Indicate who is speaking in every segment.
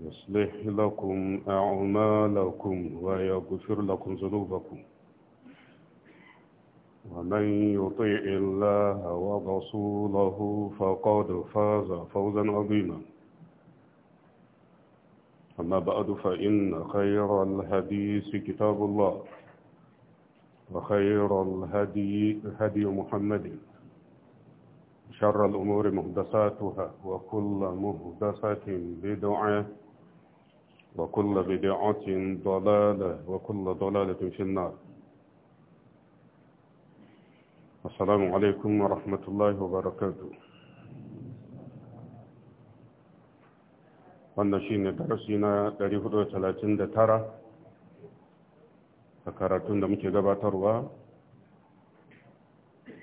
Speaker 1: يصلح لكم أعمالكم ويغفر لكم ذنوبكم ومن يطيع الله ورسوله فقد فاز فوزا عظيما أما بعد فإن خير الحديث كتاب الله وخير الهدي هدي محمد شر الأمور محدثاتها وكل محدثة بدعة وكل بدعة ضلالة وكل ضلالة في النار السلام عليكم ورحمة الله وبركاته wannan shi ne darasi na 439 a karatun da muke gabatarwa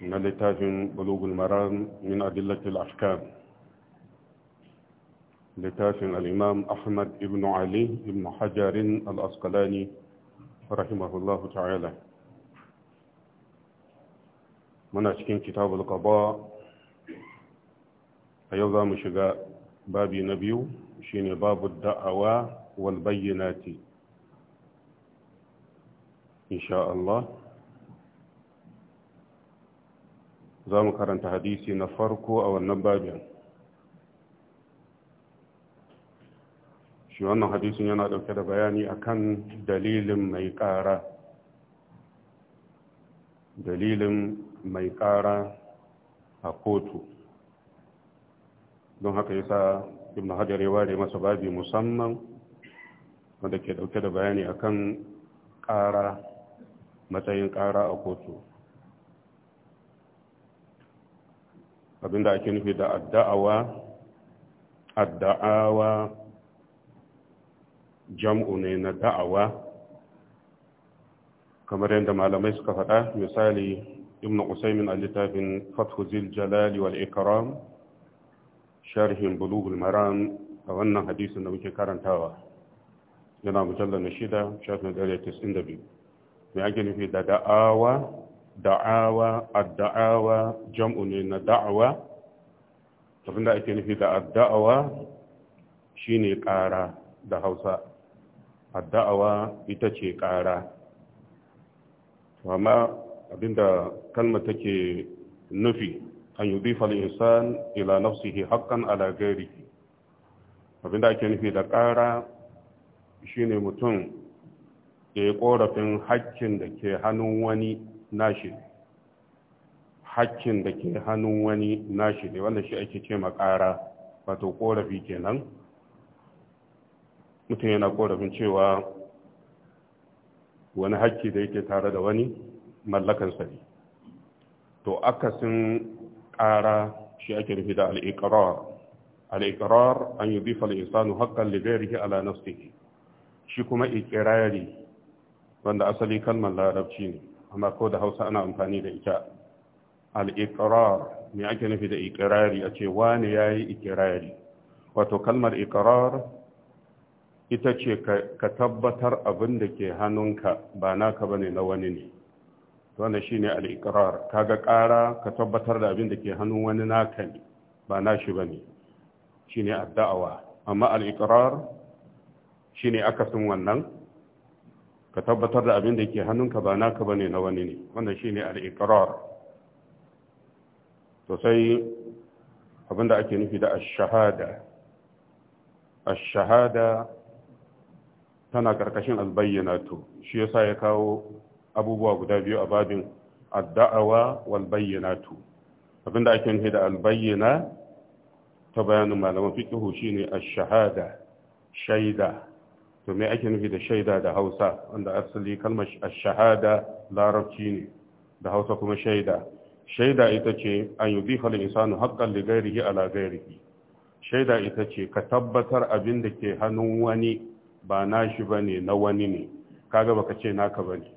Speaker 1: na littafin bulugul maram min adillatil afkan littafin al'imam ahmad Ibnu ali Ibnu hajarin Al-Askalani al'askalani rahimahullahu ta'ala muna cikin kitabul qada a yau za mu shiga babi na biyu shine babu da'awa wal bayyinati insha Allah za mu karanta hadisi na farko a wannan babin shi wannan hadisin yana dauke da bayani akan dalilin mai kara dalilin mai kara a kotu don haka yasa ibn hajar ya ware masa babi musamman wanda ke dauke da bayani akan kara matsayin kara a kotu abinda ake nufi da adda'awa adda'awa jam'u ne na da'awa kamar yadda malamai suka faɗa misali ibn usaimin a littafin fathuzil jalali wal ikram sharhin bulugul maram a wannan hadisin da muke karantawa yana mujallar na shida shafin ɗari tisin da biyu mai ake nufi da da'awa da'awa adda'awa jam'u ne na da'awa abinda ake nufi da adda'awa shine ƙara da hausa adda'awa ita ce ƙara amma abinda kalma take nufi an yi zifar insan ila nafsihi haƙƙan ala abinda ake nufi da ƙara shine mutum ya yi ƙorafin haƙƙin da ke hannun wani nashi haƙƙin da ke hannun wani nashi ne wanda shi ake ce ma ƙara wato ƙorafi kenan mutum yana korafin cewa wani hakki da yake tare da wani mallakansa ne to akasin ƙara shi ake nufi da al'iƙarar al'iƙarar an yi bifa al'isanu haƙƙan liberiki ala nafsihi shi kuma ikirari wanda asali kalmar larabci ne amma ko da hausa ana amfani da ita al'iƙarar me ake nufi da ikirari a ce wane ya yi ikirari wato kalmar iƙarar ita ce ka tabbatar abin da ke hannunka ba naka bane na wani ne wannan shine al-iqrar kaga ƙara ka tabbatar da abin da ke hannun wani naka ne ba nashi bane shine addawa amma al-iqrar shine akasin wannan ka tabbatar da abin da ke hannunka ba naka bane na wani ne wannan shine al-iqrar to sai abin da ake nufi da ash-shahada ash-shahada tana karkashin albayyanatu shi yasa ya kawo abubuwa guda biyu a babin adda'awa wal bayyanatu abinda ake nufi da albayyana ta bayanin malaman fiqh shine ash-shahada shaida to me ake nufi da shaida da Hausa wanda asali kalmar ash-shahada larabci ne da Hausa kuma shaida shaida ita ce an yudifa al-insanu haqqan li ghairihi ala ghairihi shaida ita ce ka tabbatar abin da ke hannun wani ba nashi ne, na wani ne kaga baka ce naka ba ne.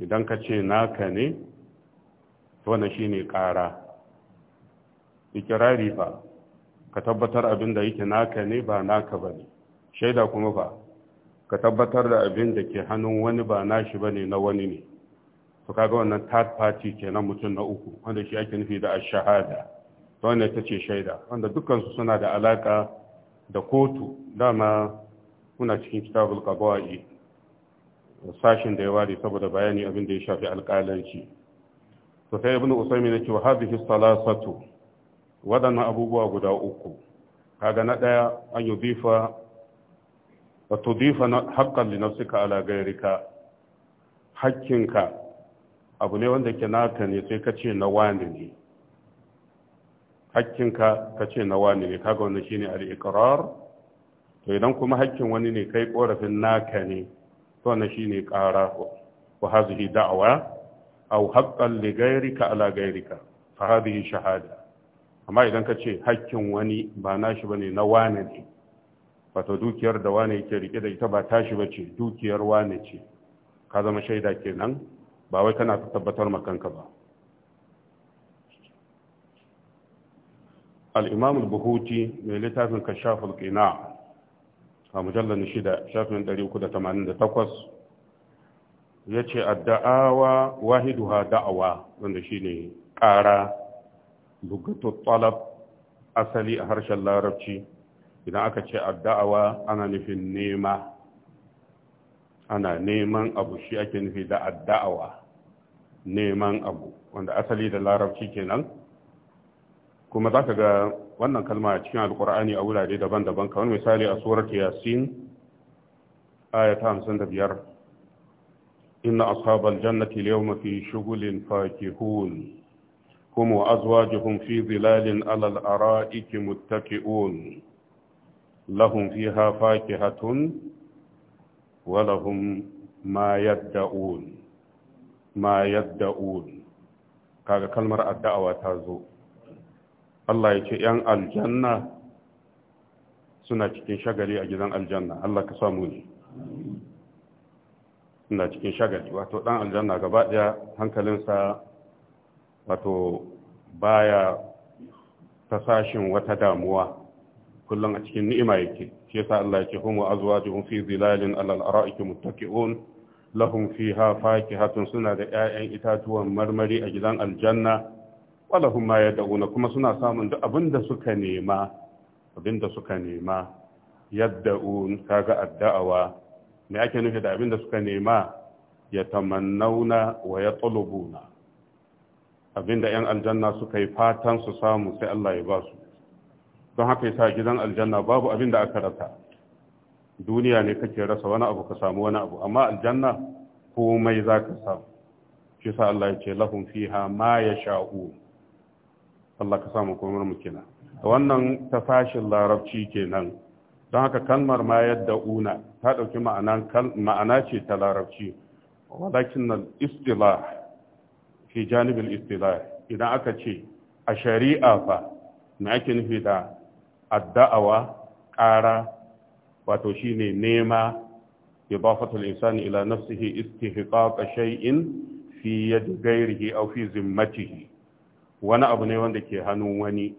Speaker 1: idan ka ce naka ne shi ne ƙara ikirari ba, ka tabbatar abin da yake naka ne ba naka ba ne. shaida kuma ba ka tabbatar da abin da ke hannun wani ba nashi ne, na wani ne to kaga wannan third party kenan mutum na uku wanda shi ake nufi da a shahada to wannan ita ce shaida wanda dukansu suna da alaka da kotu dama kuna cikin kitabul qaba'i sashin da ya ware saboda bayani abin da ya shafi alƙalanci to sai ibnu usaymin yace wa hadhihi salasatu wadannan abubuwa guda uku kaga na daya an yudifa wa tudifa haqqan li nafsika ala ghayrika hakkinka abu ne wanda ke naka ne sai ka ce na wani ne hakkinka ka ce na wani ne kaga wannan shine al-iqrar to idan kuma hakkin wani ne kai korafin naka ne to wannan shine qara wa hazihi da'wa aw haqqan li ghayrika ala ghayrika fa hadhihi shahada amma idan ka ce hakkin wani ba nashi bane na wani ne wato dukiyar da wani yake rike da ita ba tashi bace dukiyar wani ce ka zama shaida kenan ba wai kana tabbatar makanka ba al'imam al-buhuti mai littafin kashafin ƙina a mujallar shida shafin 388 ya ce adda'awa wahiduha da'awa wanda shi ne ƙara lugatu talab asali a harshen larabci idan aka ce adda'awa ana nufin nema ana neman abu shi ake nufi da adda'awa neman abu wanda asali da larabci kenan kuma za ka ga wannan kalma a cikin alkur'ani a wurare daban-daban kamar misali a surar yasin aya ta hamsin da biyar inna ashabal jannati yawma fi shughulin fakihun hum wa azwajuhum fi zilalin alal ara'iki muttaki'un lahum fiha fakihatun wa lahum ma yadda'un ma yadda'un kaga kalmar addawa ta zo Allah ya ce ‘yan aljanna suna cikin shagali a gidan aljanna Allah ka samu ne suna cikin shagali wato ɗan aljanna gaba ɗaya hankalinsa wato baya ta sashin wata damuwa kullum a cikin ni'ima yake shi yasa Allah ce, hum wa azwajuhum fi zilalin ake alal ara'iki muttaqi'un lahum fiha hatun suna da 'ya'yan itatuwan marmari a gidan aljanna walahum ma yad'una kuma suna samun duk abinda suka nema abinda suka nema yad'un kaga addawa me ake nufi da abinda suka nema tamannauna wa yatlubuna abinda yan aljanna suka yi fatan su samu sai Allah ya ba su don haka yasa gidan aljanna babu abinda aka rasa duniya ne kake rasa wani abu ka samu wani abu amma aljanna komai zaka samu shi sa Allah ya ce lahum fiha ma yasha'u Allah ka samu komar mu kenan wannan ta fashin larabci kenan don haka kalmar ma yadda una ta ɗauki ma'ana ce ta larabci walakin na istila fi janibin istila idan aka ce a shari'a fa na ake nufi da adda'awa ƙara wato shine nema ibafatul insani ila nafsihi istihqaq shay'in fi yadi ghairihi aw fi zimmatihi wani abu ne wanda ke hannun wani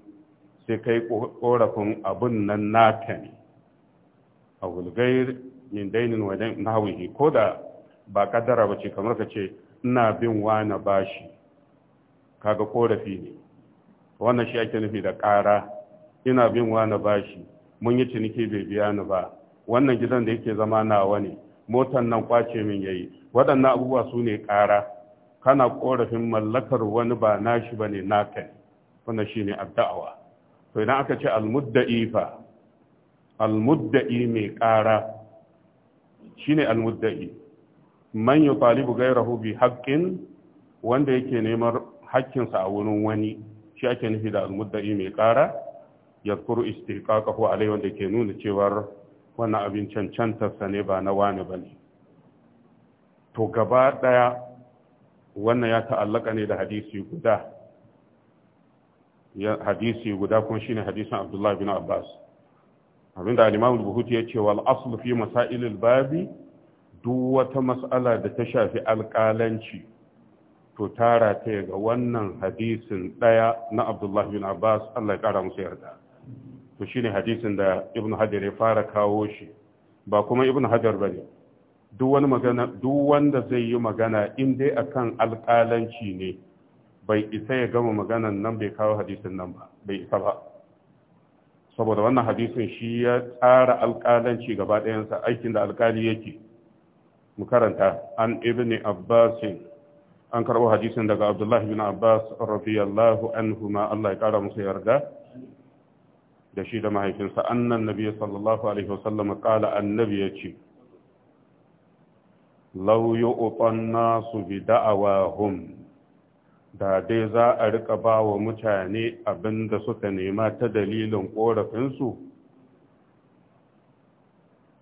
Speaker 1: sai kai ƙorafin abun nan naka ne a wulgair min dainin wajen nahawihi ko da ba kaddara ba ce kamar ka ce ina bin wani bashi kaga korafi ne wannan shi ake nufi da ƙara ina bin wani bashi mun yi ciniki bai biya ni ba wannan gidan da yake zama nawa ne motan nan kwace min yayi waɗannan abubuwa su ne ƙara kana korafin mallakar wani ba nashi ba ne naka ne wannan shi ne addawa to idan aka ce almudda'i fa almudda'i mai ƙara shi ne almudda'i man yi talibu gairahu bi haƙƙin wanda yake neman haƙƙinsa a wurin wani shi ake nufi da almudda'i mai ƙara ya kuru alai wanda ke nuna cewar wannan abin cancantarsa ne ba na wani ba ne to gaba ɗaya wannan ya ta'allaka ne da hadisi guda hadisi guda kuma ne hadisin Abdullah bin Abbas abinda al buhuti al ya ce wal aslu fi masailil babi duk wata matsala da ta shafi alƙalanci to tara ta ga wannan hadisin ɗaya na Abdullah bin Abbas Allah ya ƙara musu yarda to shi ne hadisin da Ibn Hajar ya fara kawo shi ba kuma Ibn Hajar ba ne. duk wani magana duk wanda zai yi magana in dai akan alƙalanci ne bai isa ya gama maganan nan bai kawo hadisin nan ba bai isa ba saboda wannan hadisin shi ya tsara alƙalanci gaba ɗayansa aikin da alƙali yake mu karanta an abbas an karɓo hadisin daga abdullahi bin abbas radiyallahu anhu ma Allah ya ƙara musu yarda da shi da mahaifinsa annan nabi sallallahu alaihi wasallam qala annabi yace lau yu'tan nasu bi da'awahum da dai za a rika ba wa mutane abin da suka nema ta dalilin ƙorafinsu?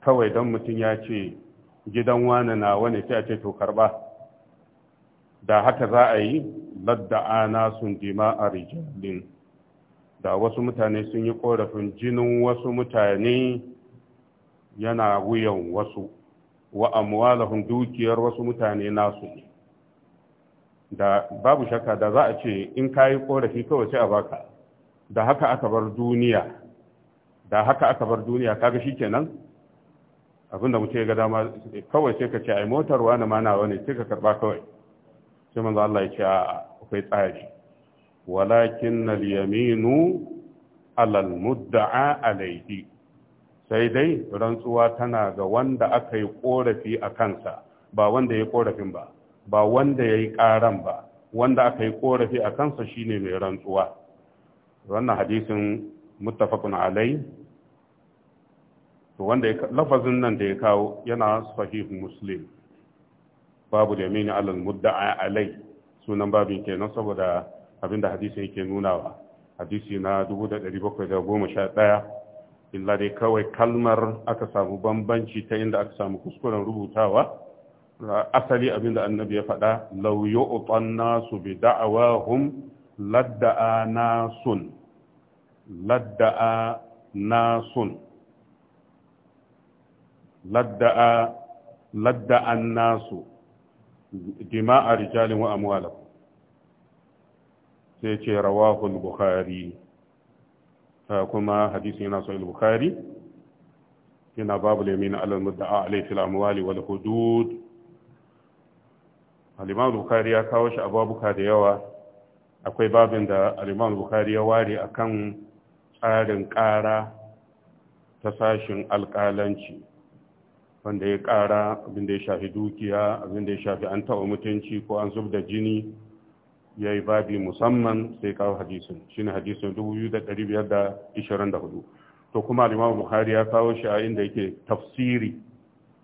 Speaker 1: kawai don mutum ya ce gidan wani na wani sai a ce to karɓa? da haka za a yi ladda'a na sun dima a rijalin da wasu mutane sun yi ƙorafin jinin wasu mutane yana wuyan wasu wa amwalahum dukiyar wasu mutane nasu da babu shakka da za a ce in kayi korafi kawai sai a baka da haka aka bar duniya da haka aka bar duniya kaga shikenan abinda mutum ya ga dama kawai sai ka ce ai motar wani ma nawa ne sai ka karba kawai sai manzo Allah ya ce a akwai tsari walakin al yaminu alal mudda'a alayhi sai dai rantsuwa tana ga wanda aka yi korafi a kansa ba wanda ya yi korafin ba ba wanda ya yi karan ba wanda aka yi korafi a kansa shine mai rantsuwa wannan hadisin mutafakun alai to wanda lafazin nan da ya kawo yana sahih muslim babu da yamini alal mudda'a alai sunan babin kenan saboda abinda hadisin yake nunawa hadisi na 1711 illa dai kawai kalmar aka samu bambanci ta inda aka samu kuskuren rubutawa asali abin da annabi ya faɗa lauyo utan nasu bi da'awahum ladda'a nasun ladda'a nasun ladda'a ladda'an nasu dima'a rijalin wa amwalakum sai ce rawahul Buhari. Eh, kuma hadisin yana so bukhari yana babu lamin alal mudda'a alayhi fil amwali wal hudud al-imam bukhari ya kawo shi a babuka da yawa akwai babin da al-imam bukhari ya ware akan tsarin ƙara ta sashin alƙalanci wanda ya ƙara abin da ya shafi dukiya abin da ya shafi an taɓa mutunci ko an zub da jini ya yi babi musamman sai kawo hadisin shi ne hadisin 2524 to kuma alimamu bukhari ya kawo shi a inda yake tafsiri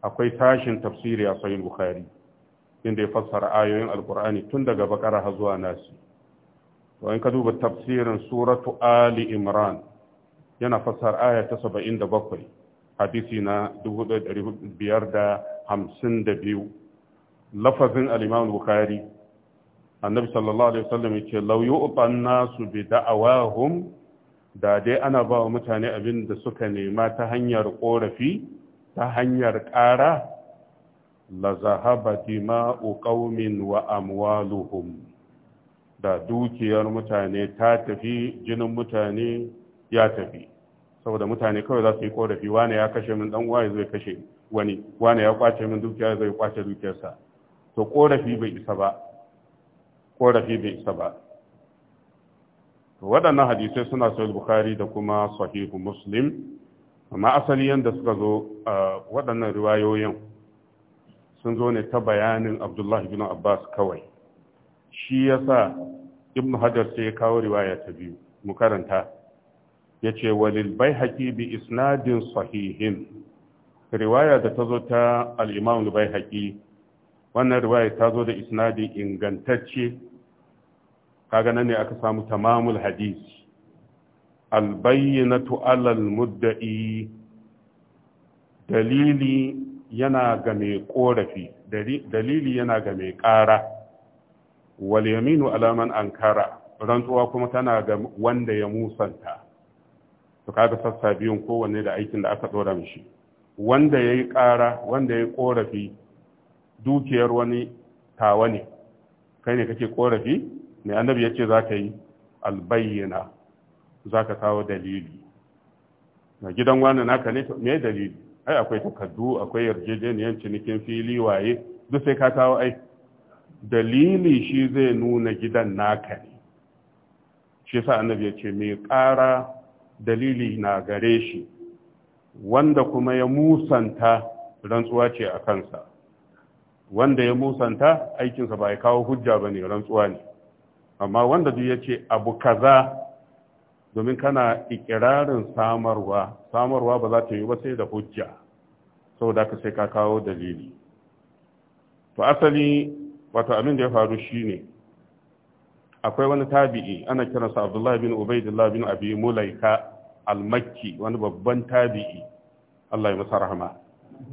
Speaker 1: akwai tashin tafsiri a sayin bukhari inda ya fassara ayoyin alkur'ani tun daga bakara har zuwa nasi to in ka duba tafsirin suratu ali imran yana fassara aya ta 77 hadisi na 2552 lafazin alimamu bukhari annabi sallallahu alaihi wasallam yake law yu'tan nasu bi da'awahum da dai ana ba wa mutane abin da suka nema ta hanyar korafi ta hanyar ƙara la zahaba dima'u qaumin wa amwaluhum da dukiyar mutane ta tafi jinin mutane ya tafi saboda mutane kawai za su yi korafi wani ya kashe min dan uwa zai kashe wani Wani ya kwace min dukiya zai kwace dukiyarsa to korafi bai isa ba korafi bai isa ba waɗannan hadisai suna sahih bukhari da kuma sahihu muslim amma asali yadda suka zo waɗannan riwayoyin sun zo ne ta bayanin abdullahi bin abbas kawai shi ya sa ibn hajar sai ya kawo riwaya ta biyu mu karanta ya ce walil bai haƙi bi isnadin sahihin riwaya da ta zo ta al'imam bai haƙi wannan riwaya ta zo da isnadi ingantacce kaga nan ne aka samu tamamul hadis albayyinatu alal mudda'i dalili yana ga mai korafi dalili yana ga mai ƙara wal yaminu alaman ankara rantsuwa kuma tana ga wanda ya musanta to kaga sassa biyun kowanne da aikin da aka dora mishi wanda ya yi ƙara wanda ya yi korafi dukiyar wani tawa ne kai ne kake ƙorafi? mai annabi ya ce za ka yi albayyana za ka kawo dalili na gidan wani naka ne mai dalili ai akwai takardu akwai yarjejeniyar cinikin fili waye duk sai ka kawo ai dalili shi zai nuna gidan naka ne shi sa annabi ya ce mai ƙara dalili na gare shi wanda kuma ya musanta rantsuwa ce a kansa wanda ya musanta aikinsa ba ya kawo hujja ba ne rantsuwa ne amma wanda duk ya ce abu kaza domin kana ikirarin samarwa samarwa ba za ta yi ba sai da hujja saboda ka sai ka kawo dalili to asali wato abin da ya faru shine akwai wani tabi'i ana kiransa abdullahi bin ubaidillah bin abi mulaika al-makki wani babban tabi'i Allah ya masa rahama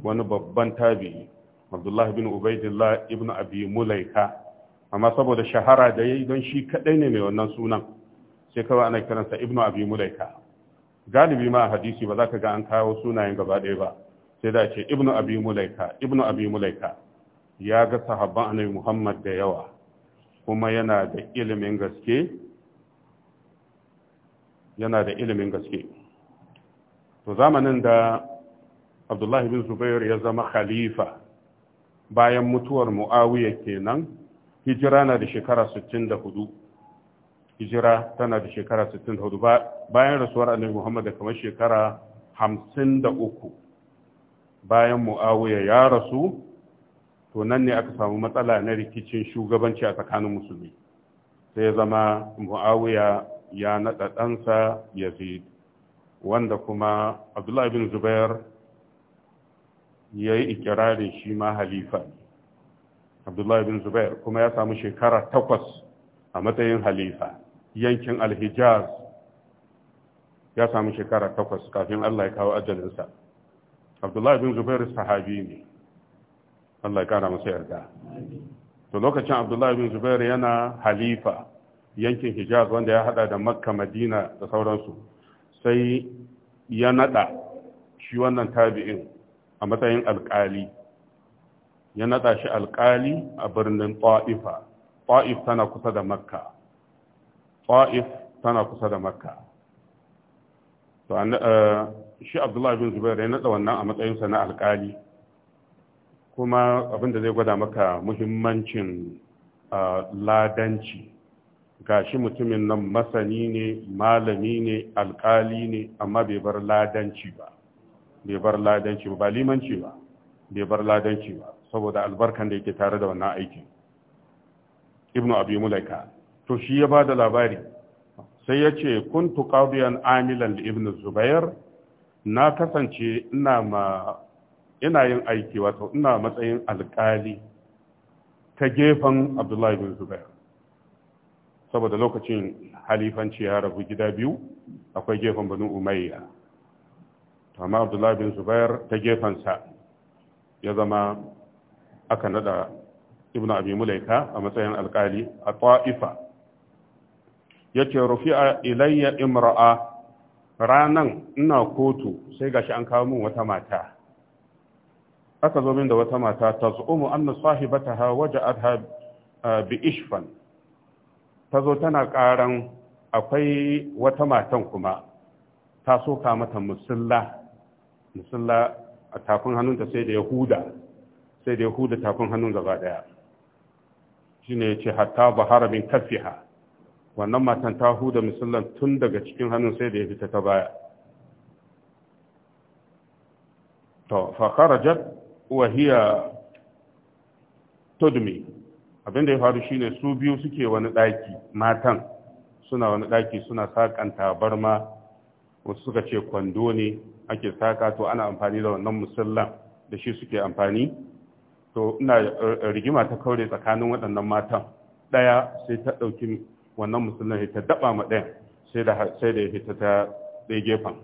Speaker 1: wani babban tabi'i abdullahi bin ubaidillah ibn abi mulaika amma saboda shahara da yayi don shi kaɗai ne mai wannan sunan sai kawai ana kiransa ibnu abi mulaika galibi ma hadisi ba za ka ga an kawo sunayen gaba ɗaya ba sai da ce ibnu abi mulaika ibnu abi mulaika ya ga sahabban annabi muhammad da yawa kuma yana da ilimin gaske yana da ilimin gaske to zamanin da abdullahi bin zubair ya zama khalifa bayan mutuwar muawiya kenan hijira na da shekara 64 hijira tana da shekara 64 bayan rasuwar annabi Muhammad da kamar shekara 53 bayan Muawiya ya rasu to nan ne aka samu matsala na rikicin shugabanci a tsakanin musulmi sai ya zama Muawiya ya naɗa ɗansa Yazid wanda kuma Abdullah bin Zubair ya yi ikirarin shi ma halifa ne abdullahi bin zubair kuma ya samu shekara takwas a matsayin halifa yankin alhijaz ya samu shekara takwas kafin allah ya kawo ajalinsa abdullahi bin zubair sahabi ne allah ya kara masa yarda to lokacin abdullahi bin zubair yana halifa yankin hijaz wanda ya hada da makka madina da sauransu sai ya nada shi wannan tabi'in a matsayin alkali ya nada shi alkali a birnin ƙwa'ifa. Ƙwa'if tana kusa da makka ƙwa'if tana kusa da makka eh, shi abdullahi bin zubair ya nada wannan a matsayinsa na alkali kuma abinda zai gwada maka muhimmancin eh, ladanci ga shi mutumin nan masani ne malami ne alkali ne amma bai bar ladanci ba bai bar ladanci ba limanci ba bai bar ladanci ba saboda albarkan da yake tare da wannan aikin ibnu abi mulaika to shi ya ba da labari sai ya ce kuntu qadiyan amilan li ibnu zubair na kasance ina ma ina yin aiki wato ina matsayin alkali ta gefen abdullahi bin zubair saboda lokacin halifanci ya rabu gida biyu akwai gefen banu umayya amma abdullahi bin zubair ta sa ya zama aka nada ibnu abi mulaika a matsayin alkali a ta'ifa yace rufi'a ilayya imra'a ranan ina kotu sai gashi an kawo min wata mata aka zo min da wata mata ta tazumu anna sahibataha waja'atha bi ishfan zo tana karan akwai wata matan kuma ta soka mata musulla musulla a tafin hannunta sai da yahuda sai da ya huda tafin hannun gaba daya shi ne ya ce hatta ba haramin kafiha wannan matan ta huda musullan tun daga cikin hannun sai da ya fita ta baya to fa kharajat wa hiya tudmi abinda ya faru shine su biyu suke wani daki matan suna wani daki suna sakanta barma wasu suka ce kwando ne ake saka to ana amfani da wannan musullan da shi suke amfani to ina eh, rigima ta kaure tsakanin waɗannan matan ɗaya sai ta ɗauki wannan musulun ta daɓa ma ɗayan sai da ya fita ta ɗaya gefen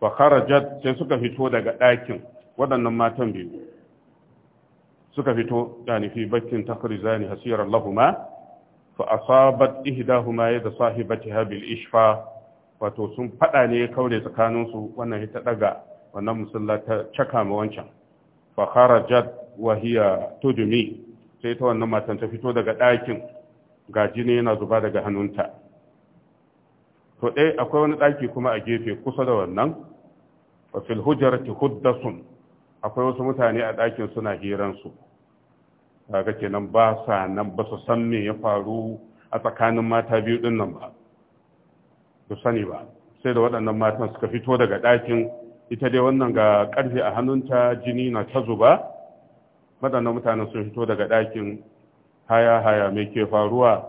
Speaker 1: wa kharajat sai suka fito daga ɗakin waɗannan matan biyu suka fito yani fi bakin takrizani hasira lahuma fa asabat ihdahuma da sahibatiha bil ishfa wato sun fada ne kaure tsakanin su wannan ita daga wannan musalla ta caka ma wancan fa kharajat wahiya tudumi sai ta wannan matan ta fito daga ɗakin ga jini yana zuba daga hannunta to ɗai akwai wani ɗaki kuma a gefe kusa da wannan wa fil hujjarati huddasun akwai wasu mutane a ɗakin suna hiransu kaga kenan ba sa nan ba su san me ya faru a tsakanin mata biyu din nan ba su sani ba sai da waɗannan matan suka fito daga ɗakin ita dai wannan ga ƙarfe a hannunta jini na ta zuba waɗannan mutane sun fito daga ɗakin haya-haya mai ke faruwa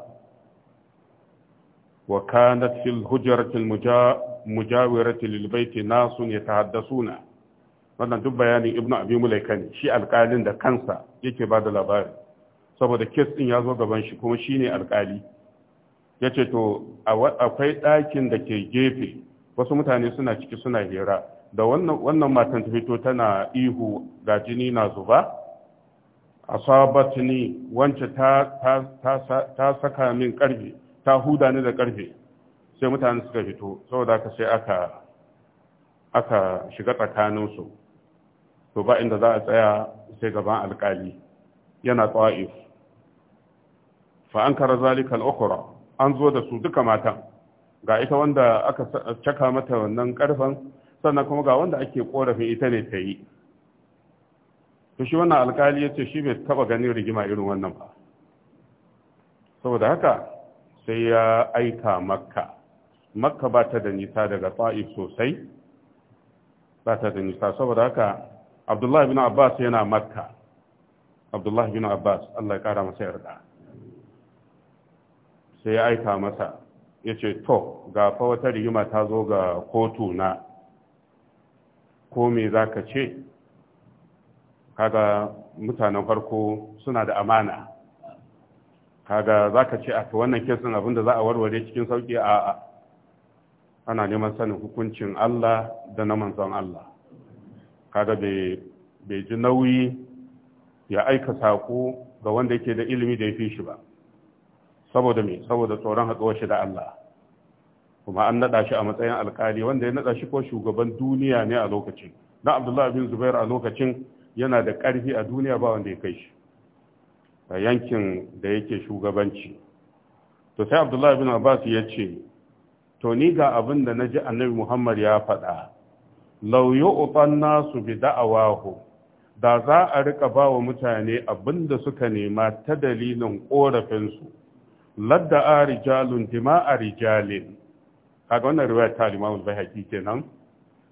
Speaker 1: wa kanat fil hujratil nasu ne ta haddasu na wannan duk bayanin ibnu abi mulaika ne shi alƙalin da kansa yake ba da labari saboda kes ɗin ya zo gaban shi kuma shi ne alƙali ce to akwai ɗakin da ke gefe wasu mutane suna ciki suna hira da wannan wannan matan ta fito tana ihu ga jini na zuba asabatni wance ta ta saka min karfe ta huda ni da karfe sai mutane suka fito saboda ka sai aka aka shiga tsakanin su to ba inda za a tsaya sai gaban alkali yana ta'if fa ankara zalika al-ukhra an zo da su duka matan ga ita wanda aka caka mata wannan karfan sannan kuma ga wanda ake korafin ita ne ta yi to shi wannan alkali ya ce shi bai taba ganin rigima irin wannan ba saboda haka sai ya aika makka makka ba ta da nisa daga ta'if sosai ba ta da nisa saboda haka abdullahi bin abbas yana makka abdullahi bin abbas allah ya kara masa yarda sai ya aika masa ya ce to ga fa wata rigima ta zo ga kotu na ko me za ka ce kaga mutanen farko suna da amana kaga za ka ce a ah, ta wannan kesin abin da za a warware cikin sauƙi a ana neman sanin hukuncin Allah da na manzon Allah kaga bai ji nauyi ya aika saƙo ga wanda yake da ilimi da ya fi shi ba saboda me saboda tsoron haɗuwar shi da Allah kuma an naɗa shi a matsayin alƙali wanda ya naɗa shi ko shugaban duniya ne a lokacin na Abdullahi bin Zubair a lokacin yana da ƙarfi a duniya ba wanda ya kai shi a yankin da yake shugabanci to sai abdullahi bin abbas ya ce to ni ga abin da na ji annabi muhammad ya faɗa lauyo yu'tan nasu bi da'awahu da za a rika ba wa mutane abin da suka nema ta dalilin ƙorafinsu ladda a rijalun dima a rijalin kaga wannan riwayar ta limamul bai kenan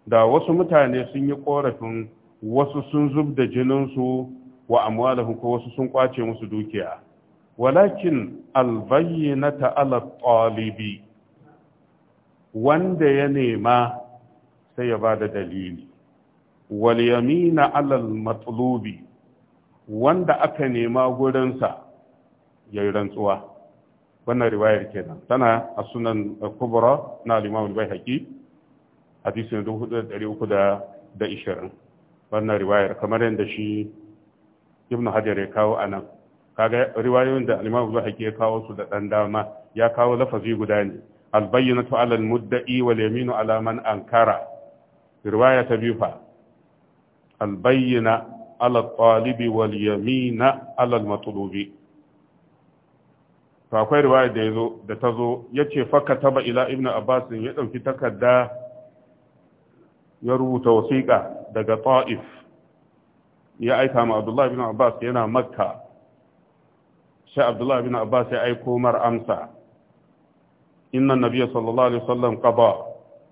Speaker 1: da wasu mutane sun yi ƙorafin wasu sun zub da jininsu wa amwalahum ko wasu sun kwace musu dukiya walakin albayyinata ala talibi wanda ya nema sai ya ba da dalili wal yamina ala matlubi wanda aka nema gurinsa ya yi rantsuwa wannan riwayar kenan tana a sunan kubra na limamul imam al hadisin 4320 wannan riwayar kamar yadda shi ibn hajar ya kawo a nan kaga riwayoyin da al zuwa ke ya kawo su da ɗan dama ya kawo lafazi guda ne Albayyana ta 'ala al-mudda'i wal yaminu ankara riwaya ta biyu fa al-bayyina talibi wal yamina alal al-matlubi to akwai riwaya da zo da ya yace faka taba ila ibn abbas ya ɗauki takarda ya rubuta wasiƙa daga ta'if ya aika ma abdullahi bin abbas yana makka sai abdullahi bin abbas ya aiko mar amsa inna nabiya sallallahu alaihi wasallam qada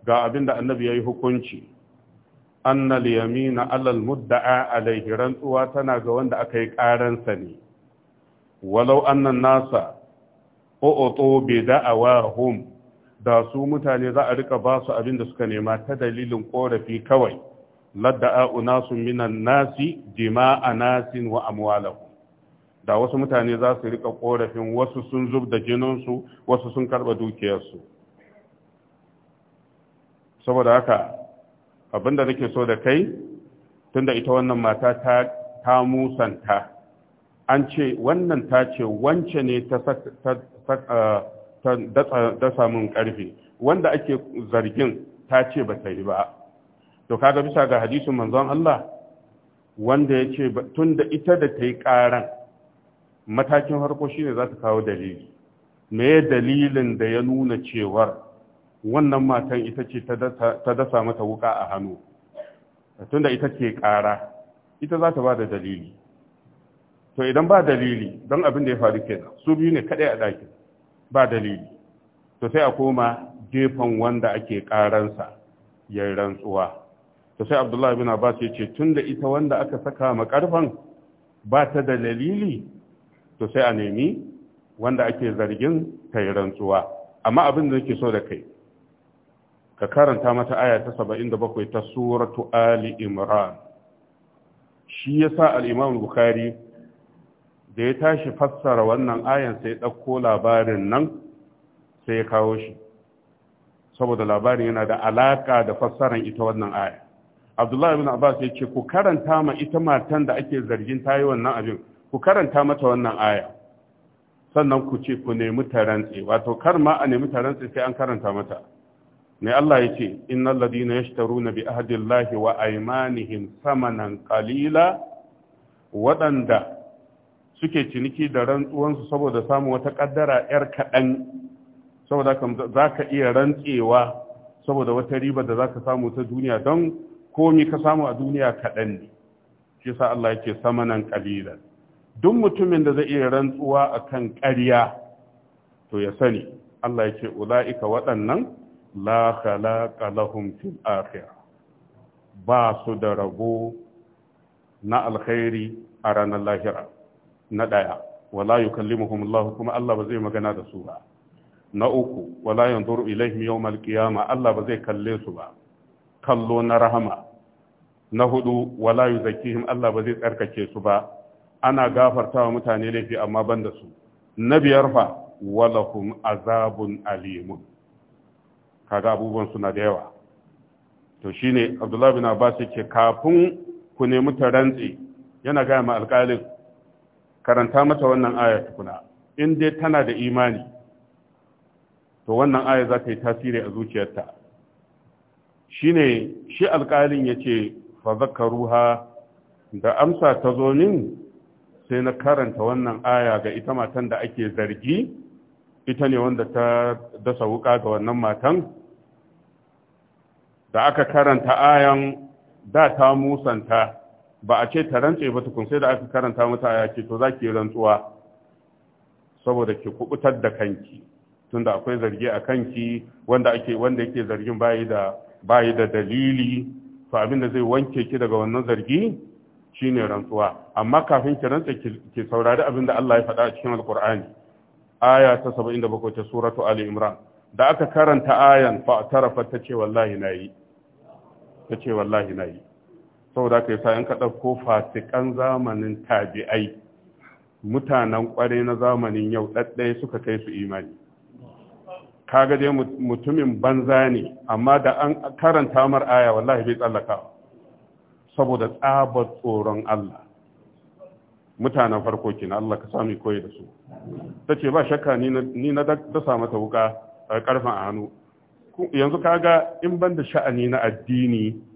Speaker 1: ga abinda annabi yayi hukunci anna yamina alal mudda'a alaihi rantsuwa tana ga wanda aka yi karansa ne walau annan nasa o'oto bi da'awahum da su mutane za a rika ba su abin da suka nema ta dalilin korafi kawai ladda a unasu minan nasi jima'a nasin wa amwalahu da wasu mutane za su rika korafin wasu sun zub da jininsu wasu sun karba dukiyarsu saboda haka abin da nake so da kai tunda ita wannan mata ta ta musanta an ce wannan ta ce wance ne ta uh, dasa min karfe wanda ake zargin ta ce ba ta yi ba to kaga bisa ga hadisin manzon Allah wanda ya ce tun da ita da ta yi ƙaran, matakin harko shine za ta kawo dalili me dalilin da ya nuna cewar wannan matan ita ce ta dasa mata wuka a hannu tunda ita ce ƙara ita za ta ba da dalili to idan ba dalili don abin da ya faru kenan su biyu ne kaɗai a ɗakin ba dalili to sai a koma gefen wanda ake karansa ya rantsuwa to sai abdullahi bin abbas ya ce tun da ita wanda aka saka ma karfan ba ta da dalili to sai a nemi wanda ake zargin ta yi rantsuwa amma abin da yake so da kai ka karanta mata aya ta 77 ta suratu ali imran shi yasa al-imam bukhari da ya tashi fassara wannan ayan sai ɗauko labarin nan sai ya kawo shi saboda labarin yana da alaƙa da fassaran ita wannan a'yan. abdullahi ibn abbas ya ce ku karanta ma ita matan da ake zargin ta yi wannan abin ku karanta mata wannan aya sannan ku ce ku nemi tarantse wato kar ma a nemi tarantse sai an karanta mata mai Allah ya ce innal ladina yashtaruna bi ahdillahi wa aimanihim samanan kalila waɗanda suke ciniki da rantsuwansu saboda samun wata kaddara yar kaɗan saboda za ka iya rantsewa saboda wata riba da za ka samu ta duniya don komi ka samu a duniya kaɗan ne shi sa Allah yake samanan ƙalilan. duk mutumin da zai iya rantsuwa akan ƙarya to ya sani Allah yake ula'ika waɗannan la khalaqa lahum fil akhirah ba su da rabo na alkhairi a ranar lahira na ɗaya wala yukallimuhum Allah kuma Allah ba zai magana da su ba na uku wala yanzuru ilaihim yawmal qiyama Allah ba zai kalle su ba kallo na rahama na hudu wala yuzakkihim Allah ba zai tsarkake su ba ana gafarta wa mutane laifi amma ban da su na biyar fa walahum azabun alimun kaga abubuwan suna da yawa to shine Abdullahi bin Abbas yake kafin ku nemi tarantsi yana ga ma alƙalin karanta mata wannan aya tukuna in dai tana da imani to wannan aya za ta yi tasiri a zuciyarta shine shi alƙalin ya ce fa da amsa ta zo min sai na karanta wannan aya ga ita matan da ake zargi ita ne wanda ta dasa wuka ga wannan matan da aka karanta ayan da ta musanta ba a ce ta rantse ba tukun sai da aka karanta mata ya ce to za ki rantsuwa saboda ki kubutar da kanki tunda akwai zargi a kanki wanda ake wanda yake zargin bayi da bayi da dalili to abin da zai wanke ki daga wannan zargi shine rantsuwa amma kafin ki rantsa ki saurari abin da Allah ya faɗa a cikin Alƙur'ani aya ta 77 ta suratu Ali Imran da aka karanta ayan fa tarafa ta ce wallahi nayi ta ce wallahi nayi saboda ka yi sa’in ka ɗauko fasikan zamanin tabi'ai mutanen ƙware na zamanin yau ɗaɗɗaya suka kai su imani Ka gaje mutumin banza ne amma da an karanta mar aya wallahi bai tsallaka saboda tsabar tsoron Allah mutanen farko kina Allah ka sami koyi da su Ta ce ba shakka ni na dasa mata wuka eh, ƙarfin a hannu yanzu kaga in ban da sha'ani na addini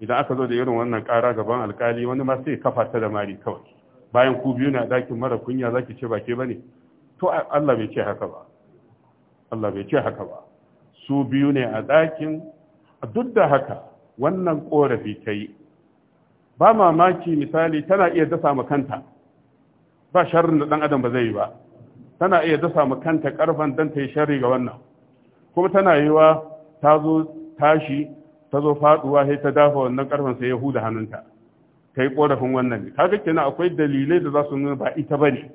Speaker 1: idan aka zo da irin wannan ƙara gaban alkali wani ma sai kafa ta da mari kawai bayan ku biyu na dakin mara kunya za ki ce ba ke bane to Allah bai ce haka ba Allah bai ce haka ba su biyu ne a dakin duk da haka wannan korafi ta yi ba mamaki misali tana iya dasa ma kanta ba sharrin da ɗan adam ba zai yi ba tana iya dasa ma kanta karfan dan ta yi sharri ga wannan kuma tana yiwa ta zo tashi ta zo faduwa sai ta dafa wannan karfin sai ya huda hannunta ta yi korafin wannan ne. kaga kenan akwai dalilai da za su nuna ba ita ba ne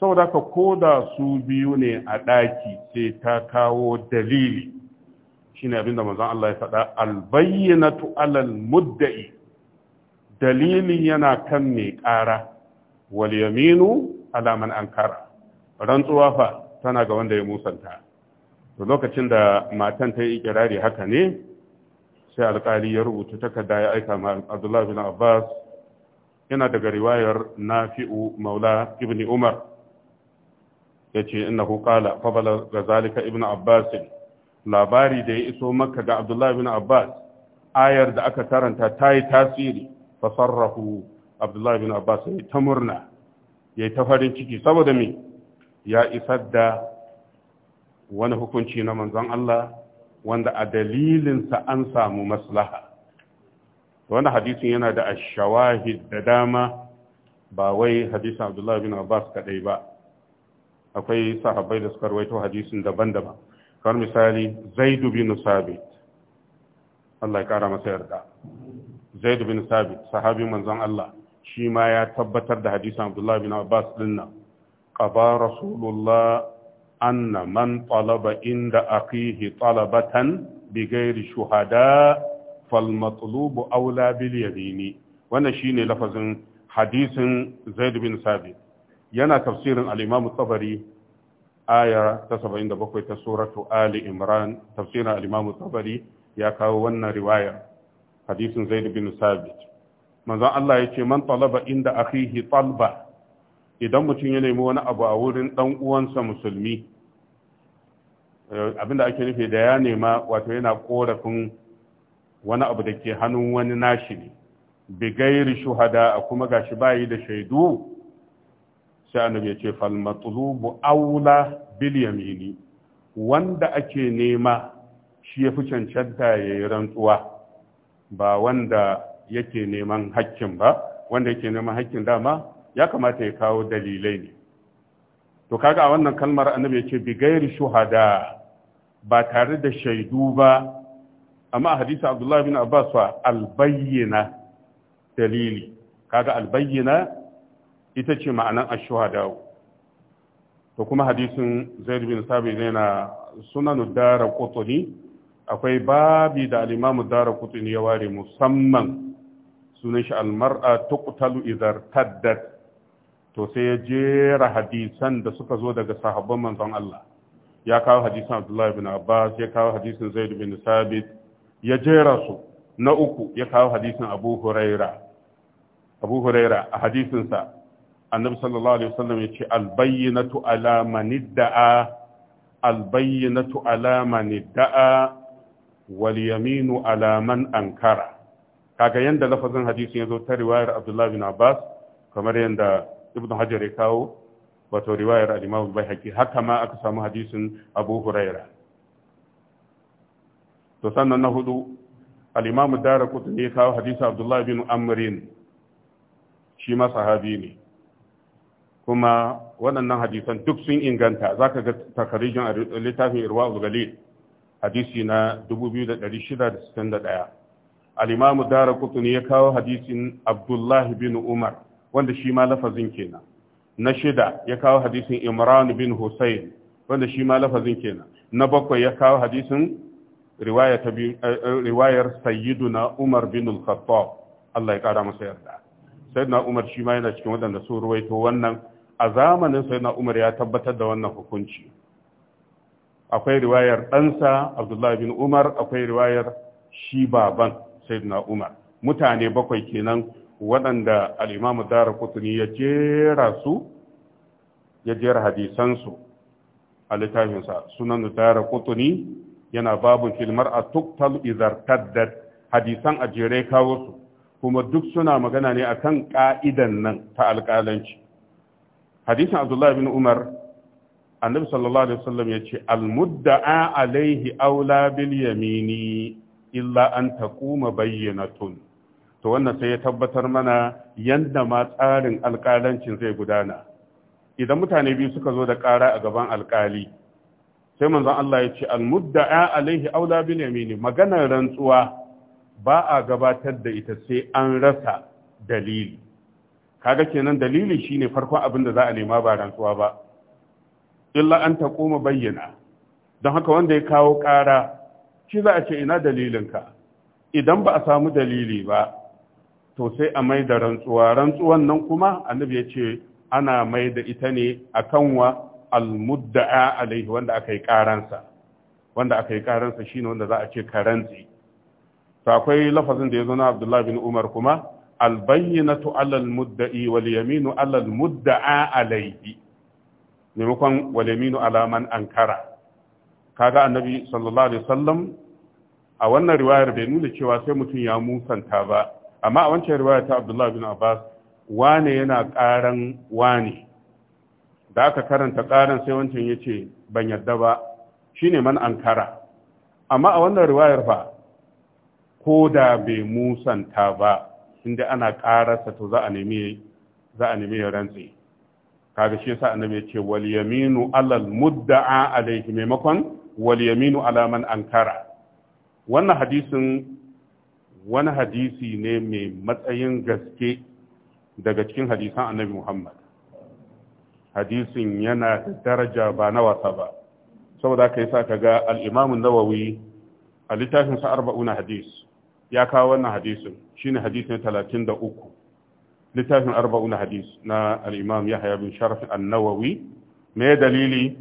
Speaker 1: saboda ka da su biyu ne a ɗaki sai ta kawo dalili shine abinda manzon Allah ya faɗa albayyinatu alal mudda'i Dalilin yana kan mai ƙara wal yaminu ala man ankara rantsuwa fa tana ga wanda ya musanta to lokacin da matan ta yi ikirari haka ne sai alkali ya rubuta takarda ya aika ma abdullahi bin abbas yana daga riwayar nafi'u maula ibn umar ya ce innahu qala fa ga zalika ibn abbas labari da ya iso maka ga abdullahi bin abbas ayar da aka karanta ta yi tasiri fa sarrahu abdullahi bin abbas ya ta murna ya ta farin ciki saboda me ya isar da wani hukunci na manzon Allah wanda a dalilinsa an samu maslaha Wannan hadisin yana da ashawahid da dama ba wai hadisin abdullahi bin abbas kadai ba akwai sahabbai da suka rawaito hadisin daban-daban kamar misali zaidu bin sabit Allah ya kara masa yarda zaidu bin sabit sahabi manzon Allah shi ma ya tabbatar da hadisin abdullahi bin abbas dinnan, nan qaba rasulullah anna man talaba inda akihi talabatan bi gairi shuhada fal aula bil yamini wannan shine lafazin hadisin Zaid bin yana tafsirin al-Imam aya ta 77 ta suratu Ali Imran tafsirin al-Imam ya kawo wannan riwayar hadisin Zaid bin Sabit manzon Allah yace man talaba inda akhihi talba idan mutum ya nemi wani abu a wurin ɗan uwansa musulmi abinda ake nufi da ya nema wato yana korafin wani abu da ke hannun wani nashi ne bigairi shuhada a kuma gashi bayi da shaidu sai annabi ya ce fal matlubu aula bil yamini wanda ake nema shi yafi cancanta yi rantsuwa ba wanda yake neman hakkin ba wanda yake neman hakkin dama ya kamata ya kawo dalilai ne to kaga a wannan kalmar annabi ya ce bigairi shuhada ba tare da shaidu ba amma hadisi abdullahi bin abbas fa albayyana dalili kaga albayyana ita ce ma'anan ashuhada to kuma hadisin zaid bin sabit yana sunanud dara qutni akwai babi da al-imam dara qutni ya ware musamman sunan shi al-mar'a tuqtalu idhar taddat to sai ya jera hadisan da suka zo daga sahabban manzon Allah ya kawo hadisin Abdullahi bin Abbas ya kawo hadisin Zaid bin Sabit ya jera su na uku ya kawo hadisin Abu Huraira Abu Huraira a hadisin sa Annabi sallallahu alaihi wasallam ya ce al-bayyinatu ala man idda'a al-bayyinatu ala man idda'a wal yaminu ala man ankara kaga yanda lafazin hadisin ya zo ta riwayar Abdullahi bin Abbas kamar yanda Ibn Hajar ya kawo wato riwayar al-Imam Baihaqi haka ma aka samu hadisin Abu Huraira to sannan na hudu al-Imam Daraqutni ya kawo hadisin Abdullah bin Amrin shi ma sahabi ne kuma waɗannan hadisan duk sun inganta za ka ga takarijin littafin Irwaul Galil hadisi na 2661 al-Imam ne ya kawo hadisin Abdullahi bin Umar wanda shi ma lafazin kenan na shida ya kawo hadisin imran bin husayn wanda shi ma lafazin kenan na bakwai ya kawo hadisin eh, eh, riwayar sayyiduna umar bin al-khattab Allah ya kara masa yarda sayyiduna umar shi ma yana cikin waɗanda sun ruwaito wannan a zamanin sayyiduna umar ya tabbatar da wannan hukunci akwai riwayar ɗansa abdullahi bin umar akwai riwayar shi baban sayyiduna umar mutane bakwai kenan waɗanda al'imamu dara kutuni ya jera su ya jera hadisansu a littafinsa sunan dara kutuni yana babu filmar a tuktal izartaddad hadisan a jere kawo su kuma duk suna magana ne a kan ƙa'idan nan ta alƙalanci Hadisan abdullahi bin umar annabi sallallahu alaihi wasallam ya ce almudda'a alaihi aula bil yamini illa an ta bayyana tun. to wannan sai ya tabbatar mana yadda ma tsarin alƙalancin zai gudana idan mutane biyu suka zo da ƙara a gaban alƙali sai manzon Allah ya ce almudda'a alaihi aula bil yamini maganar rantsuwa ba a gabatar da ita sai an rasa dalili kaga kenan dalili shine farkon abin da za a nema ba rantsuwa ba illa an koma bayyana don haka wanda ya kawo ƙara shi za a ce ina dalilinka idan ba a samu dalili ba to sai a mai da rantsuwa rantsuwan nan kuma annabi ya ce ana mai da ita ne akan wa almudda'a alaihi wanda aka yi karansa wanda aka yi karansa shine wanda za a ce karanti to akwai lafazin da ya zo na Abdullah bin Umar kuma albayyinatu alal mudda'i wal yaminu alal mudda'a alaihi maimakon wal yaminu ala man ankara kaga annabi sallallahu alaihi wasallam a wannan riwayar bai nuna cewa sai mutum ya musanta ba amma a wancan riwaya ta Abdullah bin Abbas wane yana ƙaran wane da aka karanta ƙaran sai wancan ya ce ban yadda ba shine man ankara amma a wannan riwayar fa ko da bai musanta ba inda ana ƙararsa to za a nemi za a nemi ya rantse kaga shi yasa annabi yace wal yaminu alal mudda'a alayhi maimakon wal yaminu ala man ankara wannan hadisin wani hadisi ne mai matsayin gaske daga cikin hadisan annabi Muhammad hadisin yana da daraja ba na wasa ba saboda ka yi sa ka ga an-Nawawi a littafin sa 40 hadis ya kawo wannan hadisin shine hadisin uku. littafin arba'una hadis na al-Imam Yahya bin Sharaf annawawi me dalili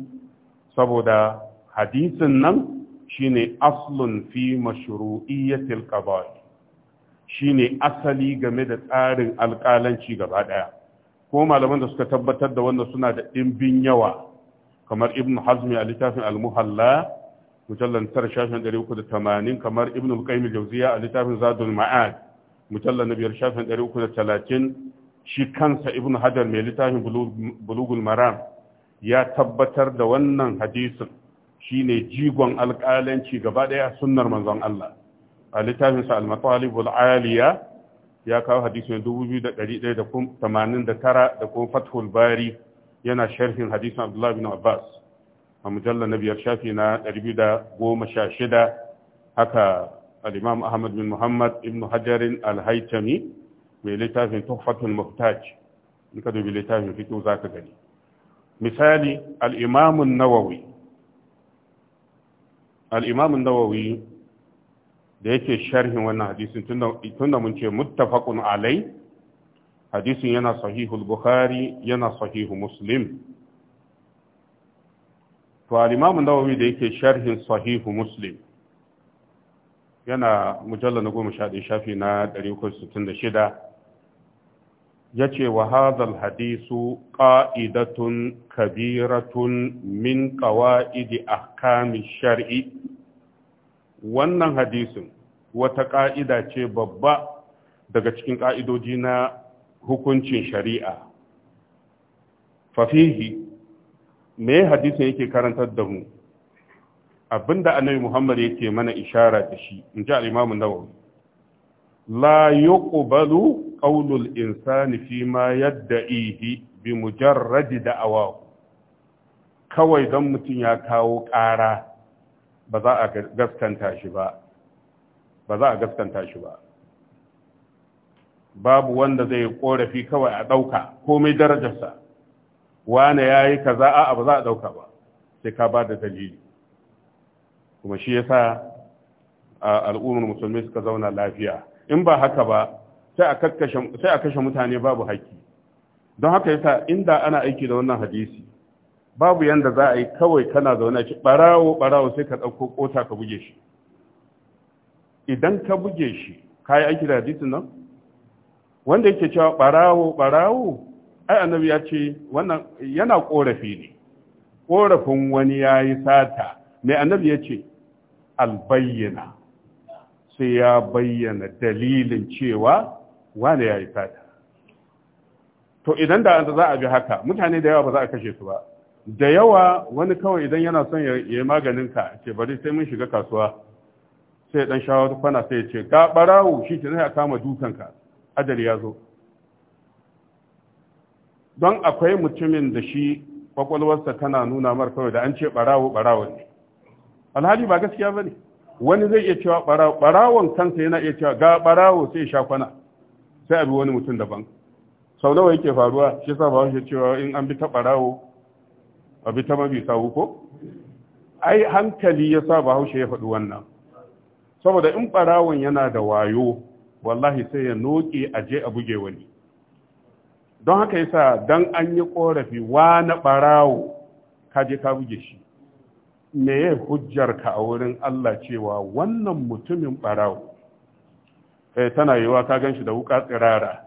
Speaker 1: saboda hadisin nan shine aslun fi mashru'iyyatil qada'i shine asali game da tsarin alkalanci gaba ɗaya ko malaman da suka tabbatar da wannan suna da ɗimbin yawa kamar ibn hazmi a littafin al-muhalla mujallar tara shafin ɗari uku da tamanin kamar ibn al-qayyim a littafin zadul ma'ad mujallar na shafin uku da talatin shi kansa ibn hajar mai littafin bulugul maram ya tabbatar da wannan hadisin shine jigon alƙalanci gaba ɗaya sunnar manzon Allah a littafinsa al-matalibul aliya ya kawo hadisin 2189 da kuma fathul bari yana sharhin hadisin abdullahi bin abbas a mujallar na biyar shafi na 216 haka al-imam ahmad bin muhammad ibn hajarin al-haitami mai littafin tuhfatul muhtaj in ka dubi littafin fito za ka gani misali al-imamun nawawi al-imamun nawawi da yake sharhin wannan hadisin tunda mun ce muttafaqun alai hadisin yana sahihul bukhari yana sahihu muslim to al-imam nawawi da yake sharhin sahihu muslim yana mujallal na goma sha shafi na 366 uku sittin da shida ya ce wa hadal hadisu ƙa'idatun kabiratun min ƙawa'idi ahkami shar'i wannan hadisin wata ƙa'ida ce babba daga cikin ƙa'idoji na hukuncin shari'a. Fafihi, me hadisin yake karantar da mu, abinda annabi Muhammad yake mana ishara da shi, in ji al'imamun nawawi. La yi ƙubalu ƙaunul insani fi ma yadda ihi bi mujarradi da awaku. Kawai don mutum ya kawo ƙara ba za a gaskanta shi ba. ba za a gaskanta shi ba babu wanda zai korafi kawai a ɗauka komai darajarsa wane ya yi kaza a ba za a ɗauka ba sai ka ba da dalili kuma shi yasa al'ummar musulmi suka zauna lafiya in ba haka ba sai a kashe mutane babu haƙƙi don haka yasa inda ana aiki da wannan hadisi babu yanda za a yi kawai kana zaune ci barawo-barawo, sai ka ɗauko ƙota ka buge shi idan ka buge shi ka yi aiki da hadisin nan wanda yake cewa barawo barawo ai annabi ya ce wannan yana korafi ne korafin wani ya yi sata mai annabi ya ce albayyana sai ya bayyana dalilin cewa wane ya yi sata to idan da za a bi haka mutane da yawa ba za a kashe su ba da yawa wani kawai idan yana son ya yi maganin ka ce bari sai mun shiga kasuwa sai dan shawo ta kwana sai ya ce ka barawo shi ke zai kama dukanka ajal ya zo don akwai mutumin da shi kwakwalwarsa tana nuna mar kawai da an ce barawo barawo ne alhali ba gaskiya ba ne wani zai iya cewa barawon kansa yana iya cewa ga barawo sai sha kwana sai a bi wani mutum daban sau nawa yake faruwa shi sa ba shi cewa in an bi ta barawo a ta mabi sawu ko ai hankali ya sa bahaushe ya faɗi wannan saboda in ɓarawon yana da wayo wallahi sai ya noke a je a buge wani don haka yasa dan an yi korafi wa na barawo ka je ka buge shi me ya ka a wurin Allah cewa wannan mutumin barawo eh tana yiwa ka shi da wuka tsirara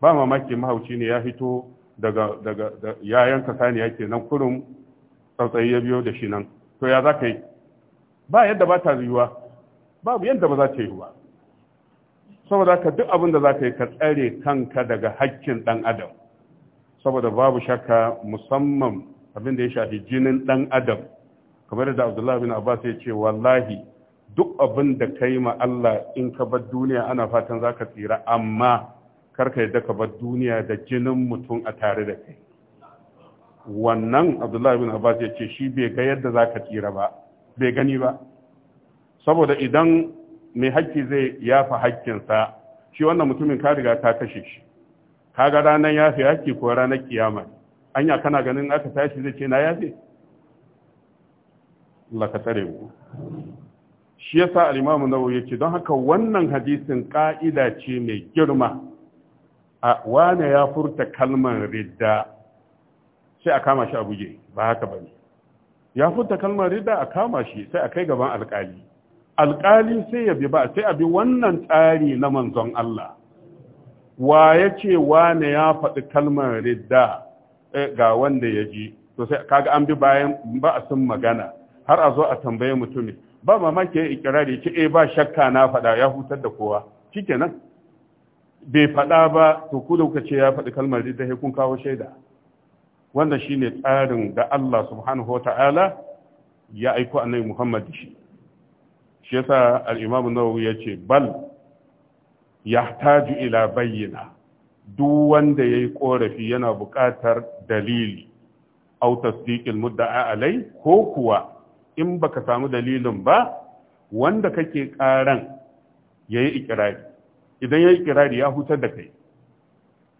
Speaker 1: ba mamaki mahauci ne ya fito daga daga ya yanka yake nan kurum tsautsayi ya biyo da shi nan to ya za ka yi ba yadda ba ta yiwa babu yadda ba za ta yi ba saboda ka duk abin da za ka yi ka tsare kanka daga hakkin ɗan adam saboda babu shakka musamman abin da ya shafi jinin ɗan adam kamar da abdullahi bin abbas ya ce wallahi duk abin da ka yi ma Allah in ka bar duniya ana fatan za ka tsira amma karka yadda ka bar duniya da jinin mutum a tare da kai wannan abdullahi bin abbas ya ce shi bai ga yadda za ka tsira ba bai gani ba saboda idan mai hakki zai yafa hakkinsa shi wannan mutumin ka riga ta kashe shi kaga ranar yafe haƙƙi ko ranar kiyama anya kana ganin aka tashi zai ce na yafe Allah ka tare mu shi yasa al-Imam Nawawi yace don haka wannan hadisin ka'ida ce mai girma a wane ya furta kalmar ridda sai a kama shi a buge ba haka bane ya furta kalmar ridda a kama shi sai a kai gaban alƙali alƙali sai ya bi ba sai a bi wannan tsari na manzon Allah wa ya ce wane ya faɗi kalmar ridda eh, ga wanda ya ji to sai kaga an bi bayan ba a sun magana har a zo a tambaye mutumin ba mamaki ya ikirari ce eh ba shakka na faɗa ya hutar da kowa shikenan bai faɗa ba to ku da kuka ce ya faɗi kalmar ridda sai kun kawo shaida wanda shine tsarin da Allah subhanahu Ta'ala ya aiko annabi Muhammad shi shi yasa al-imam nawawi yace bal yahtaju ila bayyina duk wanda yayi ƙorafi yana buƙatar dalili aw tasdiqil mudda'a alai ko kuwa in baka samu dalilin ba wanda kake karan yayi ikirari idan yayi ikirari ya hutar da kai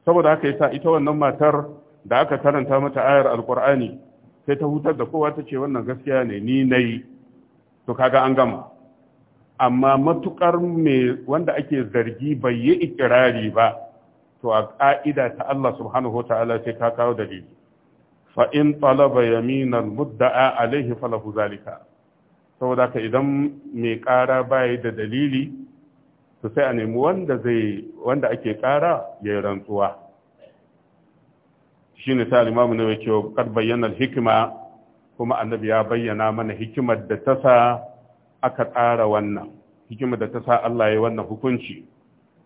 Speaker 1: saboda haka yasa ita wannan matar da aka karanta mata ayar alqur'ani sai ta hutar da kowa ta ce wannan gaskiya ne ni nayi to kaga an gama amma matukar mai wanda ake zargi bai yi ikirari ba to a ka'ida ta Allah subhanahu wa ta'ala sai ka kawo dalili fa in talaba yaminan mudda'a alaihi falahu zalika saboda ka idan mai ƙara bai da dalili to sai a nemi wanda zai wanda ake ƙara ya yi rantsuwa shine ta limamu ne cewa kad bayyana hikima kuma annabi ya bayyana mana hikimar da ta sa aka tsara wannan hikima da ta sa Allah ya wannan hukunci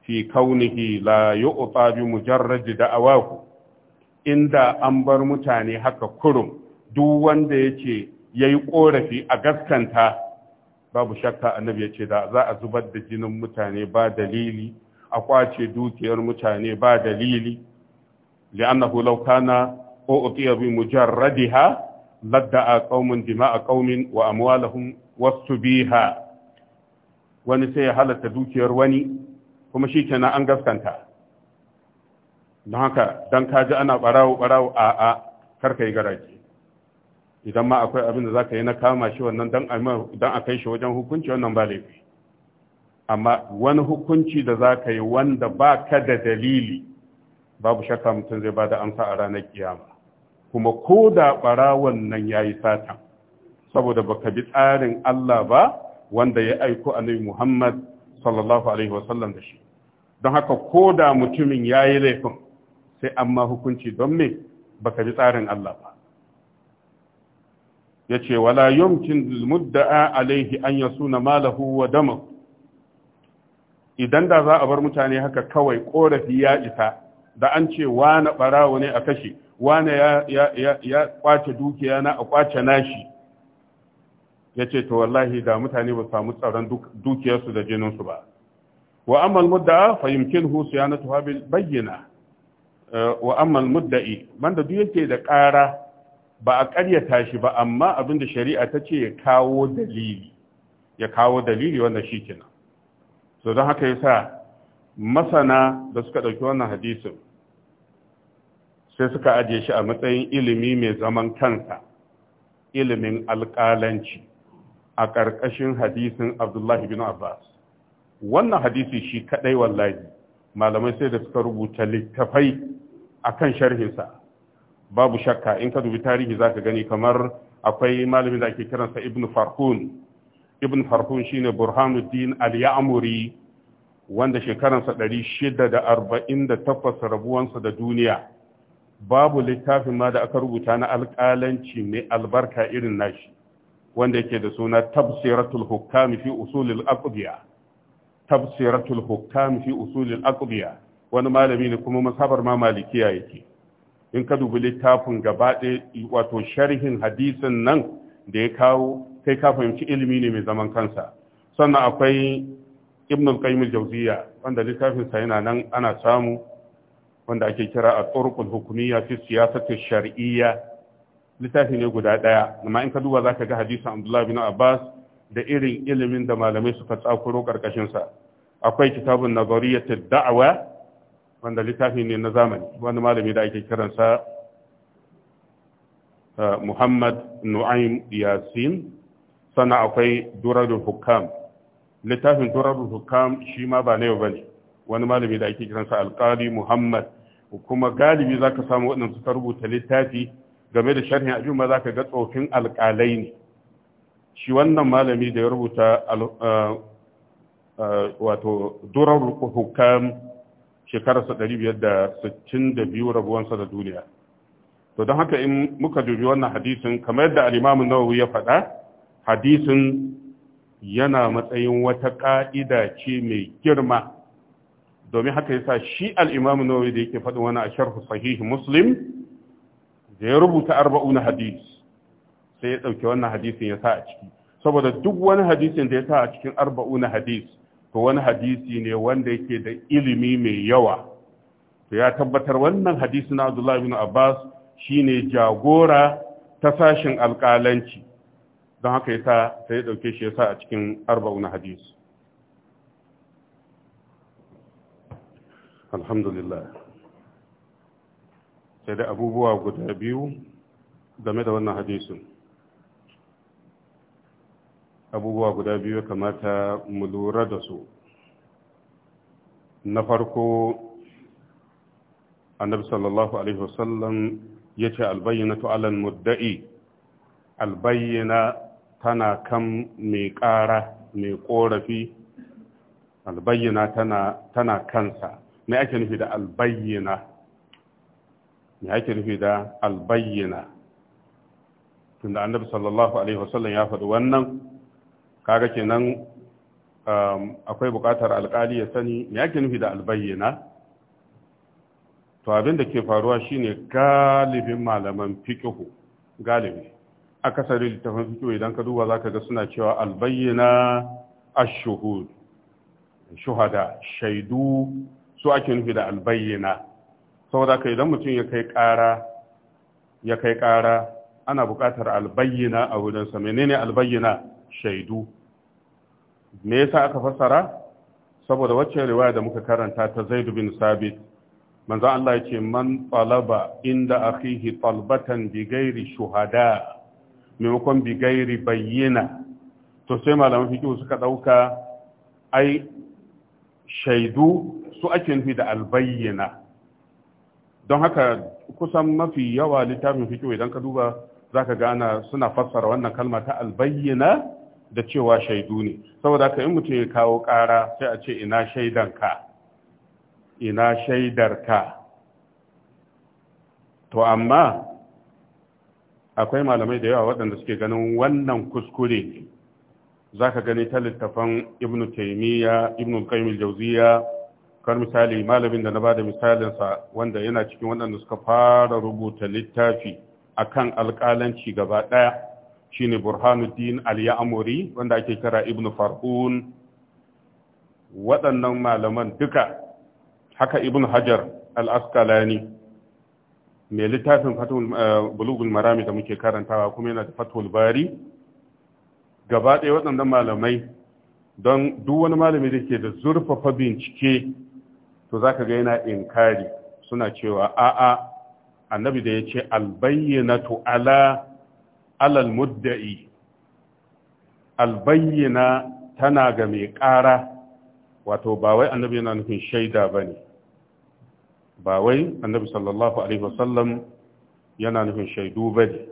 Speaker 1: fi kaunihi la yu'ta bi mujarrad da'awahu inda an bar mutane haka kurum duk wanda yace yayi korafi a gaskanta babu shakka annabi yace da za a zubar da jinin mutane ba dalili a kwace dukiyar mutane ba dalili li'annahu law kana u'tiya bi mujarradiha Ladda ladda'a qaumun dima'a ƙaumin wa amwalahum biha wani sai ya halatta dukiyar wani kuma shi kenan an gaskanta don haka don kaji ana barawo barawo a a karka yi garaje idan ma akwai abin da za yi na kama shi wannan don a kai shi wajen hukunci wannan ba laifi amma wani hukunci da za ka yi wanda ba ka da dalili babu shakka mutum zai ba da amsa a ranar kiyama kuma ko da ɓarawon nan ya yi sata saboda baka bi tsarin Allah ba wanda ya aiko annabi Muhammad sallallahu alaihi wasallam da shi don haka ko da mutumin ya yi laifin sai amma hukunci don me baka bi tsarin Allah ba ya ce wala yumkin mudda'a alaihi an yasuna malahu wa dama. idan da za a bar mutane haka kawai korafi ya isa da an ce wani ɓarawo ne a kashe wane ya ya ya kwace dukiya na a kwace nashi yace to wallahi da mutane ba samu tsaron dukiyarsu da jininsu ba wa amma al-mudda'a fa yumkinuhu siyanatuha bil bayyina eh, wa amma muddai banda duk yake da ƙara ba a ƙaryata shi ba amma abinda shari'a ta ce ya kawo dalili ya kawo dalili wanda shi kenan so don haka yasa masana da suka ɗauki wannan hadisin sai suka ajiye shi a matsayin ilimi mai zaman kansa ilimin alƙalanci a ƙarƙashin hadisin abdullahi bin abbas wannan hadisi shi kaɗai wallahi malamai sai da suka rubuta littafai a kan sharhinsa babu shakka in ka dubi tarihi za ka gani kamar akwai malamin da ake kiransa ibn farhun ibn farhun ne burhanuddin al-ya'muri wanda shekaransa 648 rabuwansa da duniya babu littafin ma da aka rubuta na alƙalanci mai albarka irin nashi wanda yake da suna tafsiratul hukami fi usulil aqdiya tafsiratul hukami fi usulil aqdiya wani malami ne kuma masabar ma malikiya yake in ka dubi littafin gaba wato sharhin hadisin nan da ya kawo kai ka fahimci ilimi ne mai zaman kansa sannan akwai ibn qayyim al-jawziya wanda littafin sa yana nan ana samu wanda ake kira a turqul hukumiyya fi siyasati shar'iyya littafi ne guda daya amma in ka duba zaka ga hadisin Abdullah bin Abbas da irin ilimin da malamai suka tsakuro karkashin sa akwai kitabun nazariyatid da'wa wanda littafi ne na zamani wani malami da ake sa eh, Muhammad Nu'aym Yasin sana akwai durarul hukam littafin durarul hukam shi ma ba na ba ne. wani malami da ake kiransa alƙali Muhammad kuma galibi za ka samu waɗanda suka rubuta littafi game da sharhin abin ma za ka ga tsofin alƙalai ne shi wannan malami da ya rubuta wato durar hukam shekararsa 562 rabuwansa da duniya to don haka in muka dubi wannan hadisin kamar yadda al'imamun nawawi ya faɗa hadisin yana matsayin wata ƙa'ida ce mai girma domin haka yasa shi al-Imam Nawawi da yake faɗin wani a sharh sahih Muslim da ya rubuta 40 hadis sai ya dauke wannan hadisin ya sa a ciki saboda duk wani hadisin da ya sa a cikin 40 hadis to wani hadisi ne wanda yake da ilimi mai yawa to ya tabbatar wannan hadisi na Abdullah ibn Abbas shine jagora ta sashin alƙalanci don haka yasa sai ya dauke shi ya sa a cikin 40 hadis alhamdulillah sai da abubuwa guda biyu game da wannan hadisin abubuwa guda biyu kamata mu lura da su na farko annabi sallallahu alaihi wasallam ya ce albayyanatu alal mudda'i albayyana tana kan mai ƙara mai ƙorafi albayyana tana kansa me ake nufi da albayyana me ake nufi da albayyana tunda annabi sallallahu alaihi wasallam ya faɗi wannan kaga kenan um, akwai buƙatar alƙali ya sani me ake nufi da albayyana to abin da ke faruwa shine galibin malaman fiqhu galibi akasari littafin fiqhu idan ka duba zaka ga suna cewa albayyana ash-shuhud shuhada shaidu su ake nufi da albayyana saboda ka idan mutum ya kai ƙara ana buƙatar albayyana a wurinsa menene albayyana shaidu me yasa aka fassara saboda wacce riwaya da muka karanta ta Zaidu bin Sabit manzo Allah ya ce man talaba inda akhihi talbatan bi ghairi shuhada maimakon bi bayyana to sai malaman fiqh suka ɗauka ai shaidu su ake nufi da albayyana don haka kusan mafi yawa littafin fikiyo idan ka duba za ka gana suna fassara wannan kalma ta albayyana da cewa shaidu ne saboda ka in mutum ya kawo ƙara sai a ce ina shaidanka ina shaidarka to amma akwai malamai da yawa waɗanda suke ganin wannan kuskure ne za ka gani ta littafan ibn taimiyya ibn qayyim jauziya kar misali malamin da na bada misalinsa wanda yana cikin waɗanda suka fara rubuta littafi akan alƙalanci gaba ɗaya shine burhanuddin al-ya'muri wanda ake kira ibn farhun waɗannan malaman duka haka ibn hajar al-asqalani mai littafin fatul eh, bulugul marami da muke karantawa kuma yana da fatul bari gaba ɗaya waɗannan malamai don duk wani malami da ke da zurfafa bincike to za ka ga yana inkari suna cewa a'a annabi da ya ce to ala alal mudda'i albayyana tana ga mai ƙara wato ba wai annabi yana nufin shaida ba ne ba wai annabi sallallahu alaihi wasallam yana nufin shaidu ba ne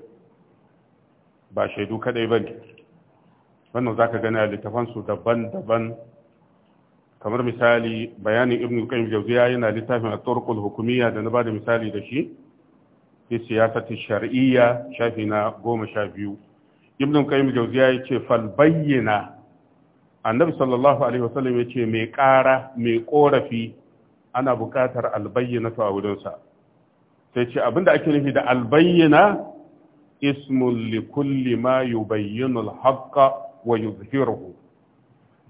Speaker 1: ba shaidu kaɗai ba ne wannan za ka gani a littafansu daban-daban kamar misali bayanin ibn qayyim jawziya yana littafin at-turqul hukumiyya da na ba da misali da shi fi siyasati shar'iyya shafi na goma sha biyu ibn qayyim ya yace fal bayyana annabi sallallahu alaihi wasallam ce mai ƙara mai ƙorafi, ana buƙatar albayyana a wurinsa sai ce abinda ake nufi da albayyana ismun li kulli ma yubayyinu wa yuzhiruhu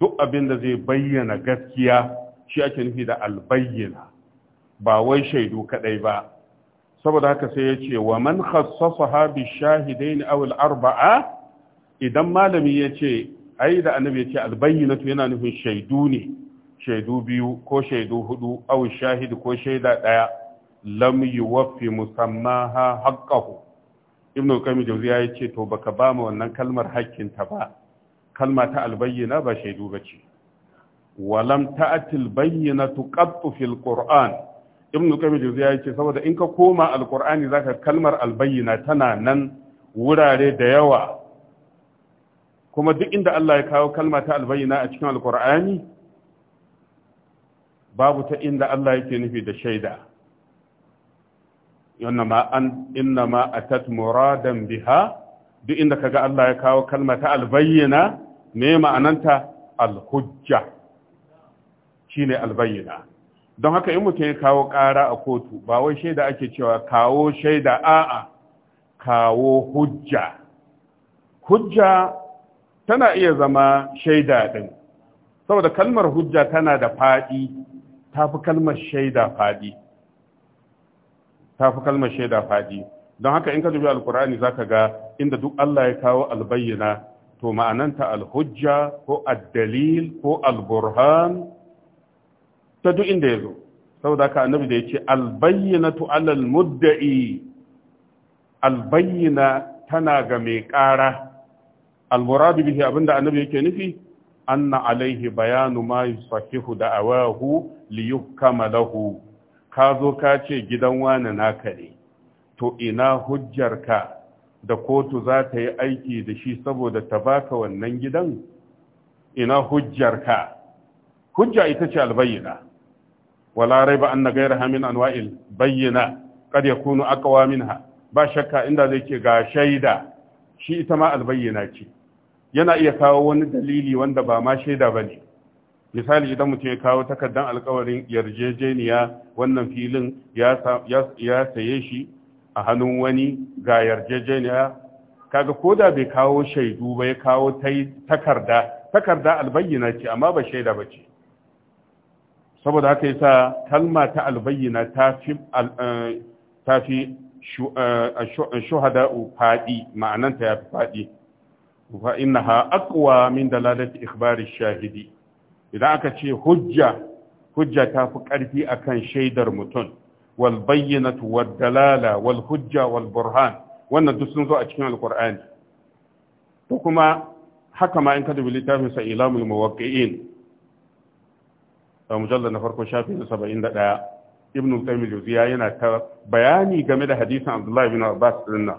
Speaker 1: duk abin da zai bayyana gaskiya shi ake nufi da albayyana ba wai shaidu kadai ba saboda haka sai ya ce wa man khassasaha bi shahidaini aw al arba'a idan malami ya ce ai da annabi ya ce albayyinatu yana nufin shaidu ne shaidu biyu ko shaidu hudu aw shahid ko shaida daya lam yuwaffi musammaha haqqahu ibnu qayyim jawziya ya ce to baka ba mu wannan kalmar hakkin ta ba kalma ta albayyana ba shaidu ba ce walam ta'atil bayyana tuqattu fil qur'an ibn qayyim yi ce saboda in ka koma alqur'ani zaka kalmar albayyana tana nan wurare da yawa kuma duk inda Allah ya kawo kalma ta albayyana a cikin alqur'ani babu ta inda Allah yake nufi da shaida innama an ma atat muradan biha duk inda kaga Allah ya kawo kalma ta albayyana me ma'ananta alhujja shine albayyana don haka in mutum ya kawo ƙara a kotu ba wai shaida ake cewa kawo shaida a'a kawo hujja hujja tana iya zama shaida din saboda kalmar hujja tana da faɗi ta fi kalmar shaida faɗi ta fi kalmar shaida faɗi don haka in ka dubi alkur'ani zaka ga inda duk Allah ya kawo albayyana to ma'ananta alhujja ko addalil ko alburhan ta duk inda ya zo saboda ka annabi da ya ce albayyinatu alal mudda'i albayyina tana ga mai ƙara almuradu bihi abinda annabi yake nufi anna alaihi bayanu ma yusahihu da'awahu li yukama lahu ka zo ka ce gidan wani naka ne to ina hujjar ka? da kotu za ta yi aiki da shi saboda ta baka wannan gidan ina hujjarka hujja ita ce albayyana wala raiba anna ghayraha min anwa'il bayyana kad yakunu aqwa minha ba shakka inda zai ke ga shaida shi ita ma albayyana ce yana iya kawo wani dalili wanda ba ma shaida bane misali idan mutum ya kawo takardar alkawarin yarjejeniya wannan filin ya saye shi a hannun wani ga yarjejeniya kaga ko da bai kawo shaidu ba ya kawo takarda takarda albayyana ce amma ba shaida ba ce saboda haka yasa kalma ta albayyana ta fi eh, ta fi eh, shuhada faɗi ma'ananta ya fi faɗi fa innaha aqwa min dalalati ikhbari shahidi idan aka ce hujja hujja ta fi ƙarfi akan shaidar mutum wal bayyinatu wad dalala wal hujja wal burhan wannan duk sun zo a cikin alqur'ani to kuma haka ma in ka dubi littafin sa ilamul muwaqqi'in mujallar na farko shafi na 71 ibn al-qayyim al-jawziya yana ta bayani game da hadisin abdullahi bin abbas dinna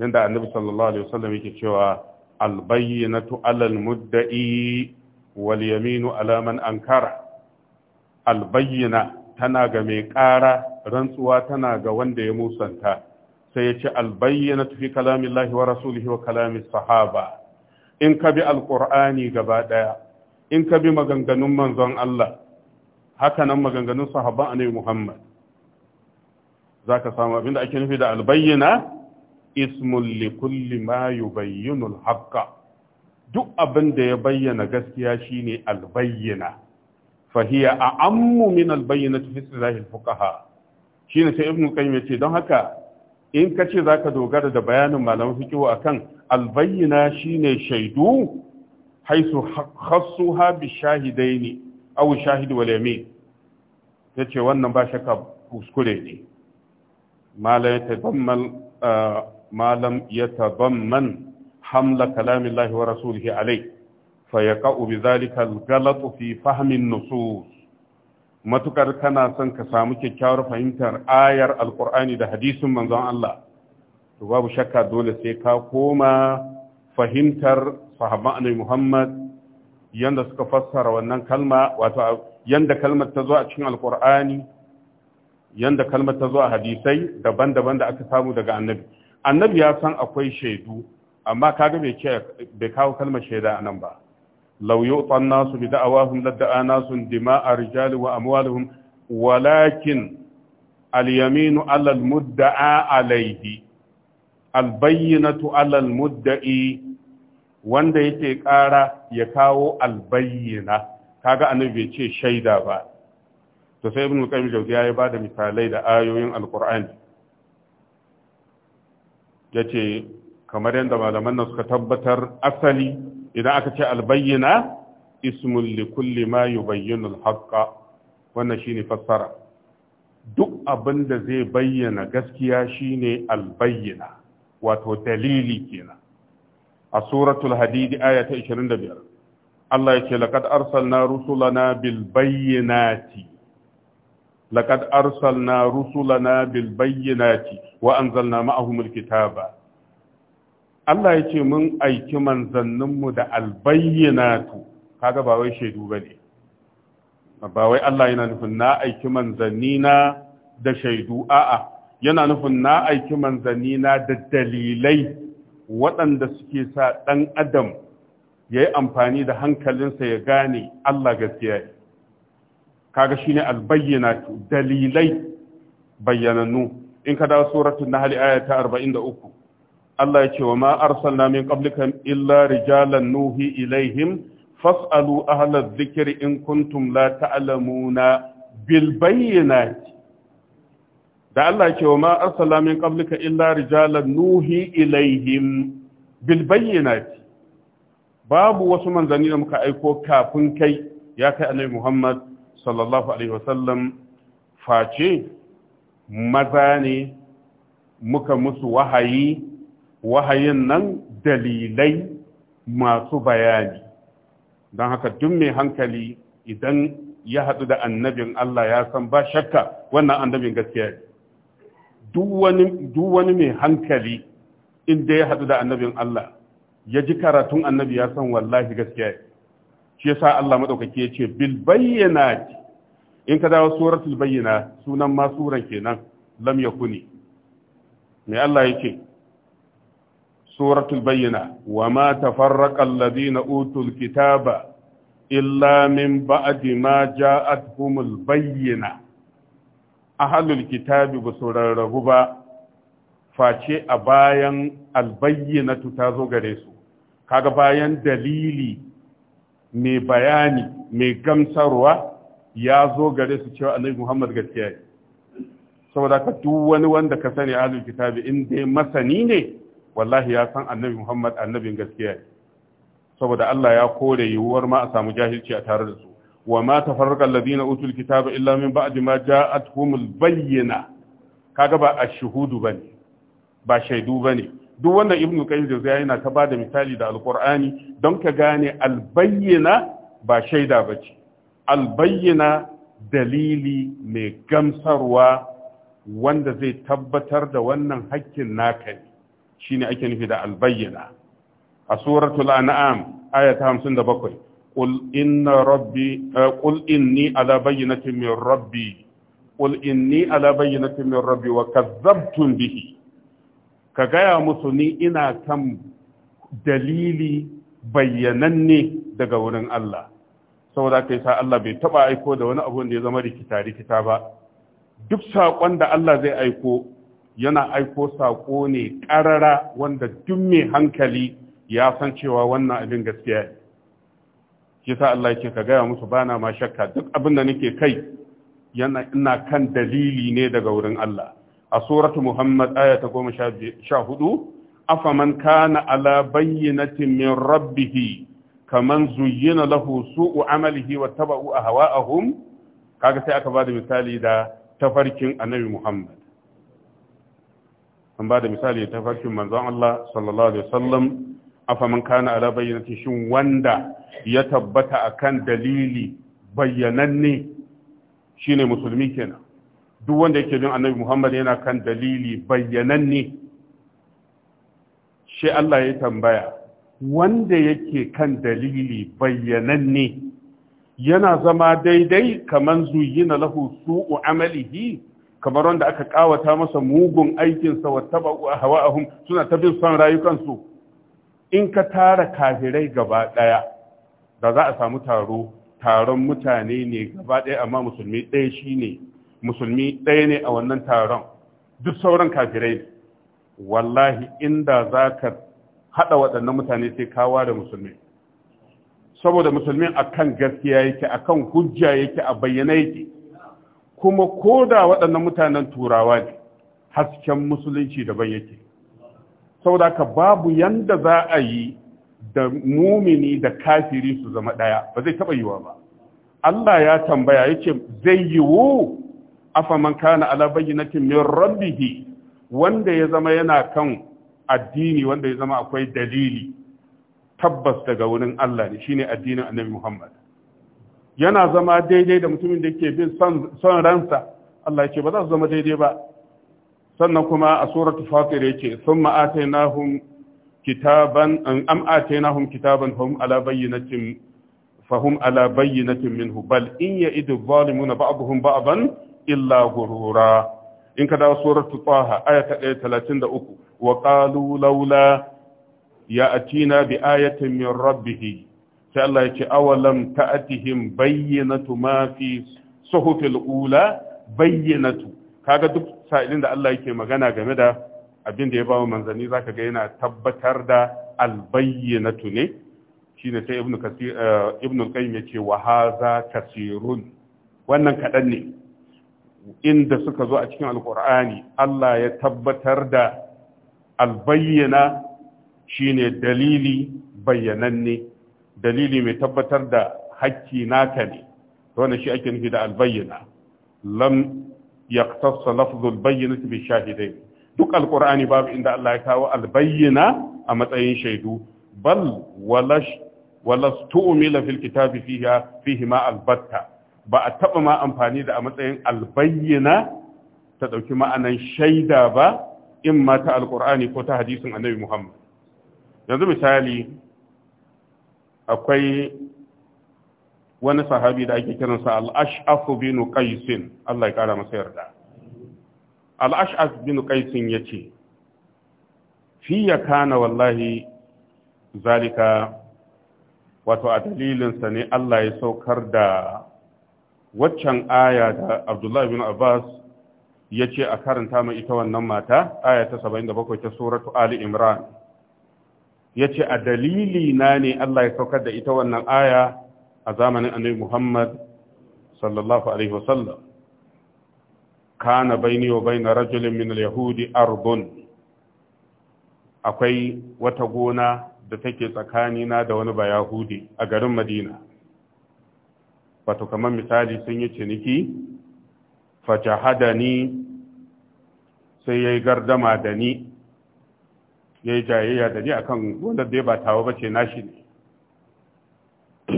Speaker 1: inda annabi sallallahu alaihi wasallam yake cewa al-bayyinatu 'ala al wal yaminu alaman ankara al-bayyina tana ga mai ƙara rantsuwa tana ga wanda ya musanta sai ya ce albayyana tufi kalamin lahi wa rasulihi wa kalamin sahaba in ka bi alƙur'ani gaba ɗaya in ka bi maganganun manzon Allah haka nan maganganun sahaban annabi Muhammad za ka samu abinda ake nufi da albayyana ismun li kulli ma yubayyinul haqqa duk abin da ya bayyana gaskiya shine albayyana fahiya a ammu min albayyana fi silahi fuqaha shine sai ibnu qayyim yace don haka in ka ce zaka dogara da bayanin malaman a kan albayyana shine shaidu haisu khassuha bi shahidaini aw shahid wal yamin yace wannan ba shakka kuskure ne malam yatadammal malam yatadamman hamla kalamillahi wa rasulihi alai. فيقع بذلك الغلط في فهم النصوص matukar kana son ka samu kyakkyawar fahimtar ayar alkur'ani da hadisin manzon Allah to babu shakka dole sai ka koma fahimtar sahabban annabi Muhammad yanda suka fassara wannan kalma wato yanda kalmar ta zo a cikin alkur'ani yanda kalmar ta zo a hadisai daban-daban da aka samu daga annabi annabi ya san akwai shaidu amma kaga bai kawo kalmar shaida a nan ba لو يؤطى الناس بدعواهم a ناس دماء رجال وأموالهم ولكن اليمين على المدعى عليه البينة على المدعي wanda yake ƙara ya kawo albayyana kaga annabi bai ce shaida ba to sai ibn qayyim jawziya ya bada misalai da ayoyin alqur'ani yace kamar yadda malaman na suka tabbatar asali idan aka ce albayyana ismun li kulli ma yubayyinu al-haqqa wannan ne fassara duk abin da zai bayyana gaskiya shine albayyana wato dalili kenan a suratul hadidi aya ta 25 Allah ya ce laqad arsalna rusulana bil bayyinati laqad arsalna rusulana bil bayyinati wa an zalna al-kitaba Allah ya ce mun aiki manzanninmu da albayyanatu kaga ba wai shaidu ba ne ba wai Allah yana nufin na aiki na da shaidu a'a yana nufin na aiki na da dalilai waɗanda suke sa ɗan adam ya amfani da hankalinsa ya gane Allah gaskiya ne kaga shine albayyanatu dalilai bayyanannu in ka dawo suratul nahl aya ta 43 Allah ya ce wa ma arsalna min qablika illa rijalan nuhi ilaihim fas'alu ahla dhikri in kuntum la ta'lamuna bil bayyinati da Allah ya ce wa ma arsalna min qablika illa rijalan nuhi ilaihim bil bayyinati babu wasu manzanni da muka aiko kafin kai ya kai annabi Muhammad sallallahu alaihi wasallam face maza ne muka musu wahayi wahayin nan dalilai masu bayani don haka duk mai hankali idan ya haɗu da annabin Allah ya san ba shakka wannan annabin gaskiya ne duk wani mai hankali inda ya haɗu da annabin Allah ya ji karatun annabi ya san wallahi gaskiya ne shi yasa Allah madaukake ya ce bil bayyana in ka dawo suratul bayyana sunan ma suran kenan lam yakuni me Allah yake suratul bayyana wa ma tafarraqa alladhina utul kitaba illa min ba'di ma ja'atuhumul bayyana ahlul kitabi ba rarrabu ba face a bayan albayyana ta zo gare su kaga bayan dalili mai bayani mai gamsarwa ya zo gare su cewa annabi Muhammad gaskiya ne saboda ka duk wani wanda ka sani ahlul kitabi in dai masani ne wallahi ya san annabi Muhammad annabin gaskiya ne saboda Allah ya kore yiwuwar ma a samu jahilci a tare da su wa ma tafarraqa alladhina utul kitaba illa min ba'di ma ja'atuhumul bayyina kaga ba ash-shuhudu bane ba shaidu bane duk wanda ibnu qayyim jawziya yana ta bada misali da alqur'ani don ka gane albayyana ba shaida bace albayyana dalili mai gamsarwa wanda zai tabbatar da wannan hakkin naka ne shine ake nufi da albayyana a suratul an'am ayata 57 qul inna rabbi eh, qul inni ala bayyinatin min rabbi qul inni ala bayyinatin min rabbi wa kazzabtum bihi ka gaya musu ni ina kan dalili bayyananne daga wurin Allah saboda kai sa Allah bai taba aiko da wani abu da ya zama rikita rikita ba duk saƙon da Allah zai aiko yana aiko saƙo ne ƙarara wanda duk mai hankali ya san cewa wannan abin gaskiya ne shi sa Allah yake ka gaya musu bana ma shakka duk abin da nake kai yana ina kan dalili ne daga wurin Allah a suratu Muhammad aya ta goma sha hudu afaman kana ala bayyinatin min rabbihi kaman zuyyina lahu su'u amalihi wa taba'u ahwa'ahum kaga sai aka bada misali da tafarkin annabi Muhammad an ba da misali ta farkin manzon Allah sallallahu alaihi wasallam afa man kana ala bayyinati shin wanda ya tabbata akan dalili bayyananne shine musulmi kenan duk wanda yake bin annabi Muhammad yana kan dalili bayyananne shi Allah ya tambaya wanda yake kan dalili bayyananne yana zama daidai kaman zuyina lahu su'u amalihi kamar wanda aka kawata masa mugun aikinsa wa taba hawa'ahum suna ta bin son rayukansu in ka tara kafirai gaba daya da za a samu taro taron mutane ne gaba daya amma musulmi ɗaya shine musulmi ɗaya ne a wannan taron duk sauran kafirai ne wallahi inda za ka haɗa waɗannan mutane sai ka da musulmi saboda musulmin akan gaskiya yake akan hujja yake a bayyana yake kuma ko da waɗannan mutanen turawa ne hasken musulunci daban yake saboda ka babu yanda za a yi da mumini da kafiri su zama ɗaya ba zai taɓa yiwa ba Allah ya tambaya ya ce zai yiwu afaman kana ala bayyinatin min rabbihi wanda ya zama yana kan addini wanda ya zama akwai dalili tabbas daga wurin Allah ne shine addinin Annabi Muhammad yana zama daidai da mutumin da ke bin son ransa Allah ya ce ba za su zama daidai ba sannan kuma a suratul fatir yake thumma atainahum kitaban am atainahum kitaban hum ala bayyinatin fahum ala bayyinatin minhu bal in ya'idu zalimuna ba'dhum ba'dan illa ghurura in ka dawo suratu taha aya ta 133 wa qalu laula ya'tina bi ayatin min rabbih sai Allah ya ce awalam ta'atihim bayyinatu ma fi suhufil ula bayyinatu kaga duk sa'ilin da Allah yake magana game da abin da ya bawa manzani zaka ga yana tabbatar da albayyanatu ne shine sai ibnu kasir eh, ibnu qayyim ya yace wa hadha kasirun wannan kadan ne inda suka zo a cikin alqur'ani Allah ya tabbatar da albayyana shine dalili bayyananne dalili mai tabbatar da hakki naka ne wanda shi ake nufi da albayyana lam yaqtassa lafzul bayyinati bi shahidain duk alqur'ani babu inda Allah ya kawo albayyana a matsayin shaidu bal walash walastu'mila fil kitabi fiha fihi ma albatta ba a taba ma amfani da a matsayin albayyana ta dauki ma'anan shaida ba in ma ta alqur'ani ko ta hadisin annabi Muhammad yanzu misali akwai wani sahabi da ake kiransa al-ash'af bin qais Allah ya kara masa yarda al-ash'af bin qais yace fi ya kana wallahi zalika wato a dalilinsa ne Allah ya saukar da waccan aya da Abdullah bin Abbas ya ce a karanta mai ita wannan mata aya ta 77 ta suratu Ali Imran ya ce a dalili na ne Allah ya saukar da ita wannan aya a zamanin annabi Muhammad sallallahu alaihi wasallam kana baini wa baina rajulin min al-yahudi arbun akwai wata gona da take tsakanina da wani bayahudi a garin Madina wato kamar misali sun yi ciniki ni, sai yayi gardama da ni ya yi jayayya da ni akan wanda da ya ba ba bace nashi ne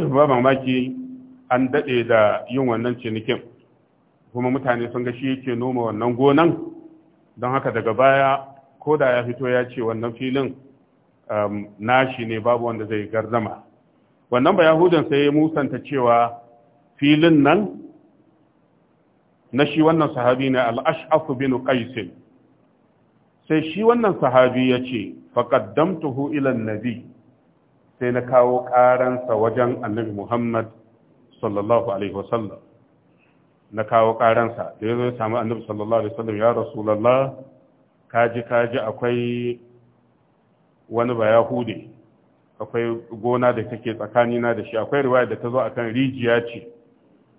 Speaker 1: ba mamaki an daɗe da yin wannan cinikin kuma mutane sun ga shi yake noma wannan gonan don haka daga baya ko da ya fito ya ce wannan filin um, nashi ne babu wanda zai garzama wannan ba yahudan sai musanta cewa filin nan na shi wannan sahabi ne al'ashafu bin qaisin sai shi wannan sahabi ya ce faƙaddamtuhu ilan nabi sai na kawo ƙaransa wajen annabi muhammad sallallahu alaihi wasallam na kawo ƙaransa da ya zo ya samu annabi sallallahu alaihi wasallam ya rasulallah kaji kaji akwai wani ba yahude akwai gona da take tsakanina da shi akwai riwaya da ta zo akan rijiya ce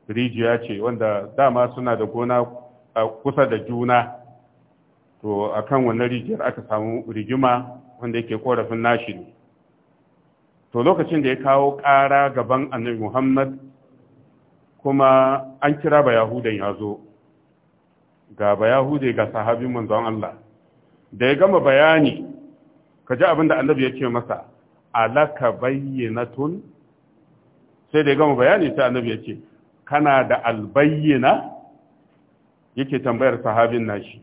Speaker 1: rijiya ce wanda dama suna da gona kusa da juna to akan wannan rijiyar aka samu rigima wanda yake korafin nashi ne to lokacin da ya kawo ƙara gaban annabi muhammad kuma an kira ba yahudan ya zo ga ba yahude ga sahabin manzon allah da ya gama bayani ka ji abin da annabi ya ce masa alaka tun? sai da ya gama bayani sai annabi ya ce kana da albayyana yake tambayar sahabin nashi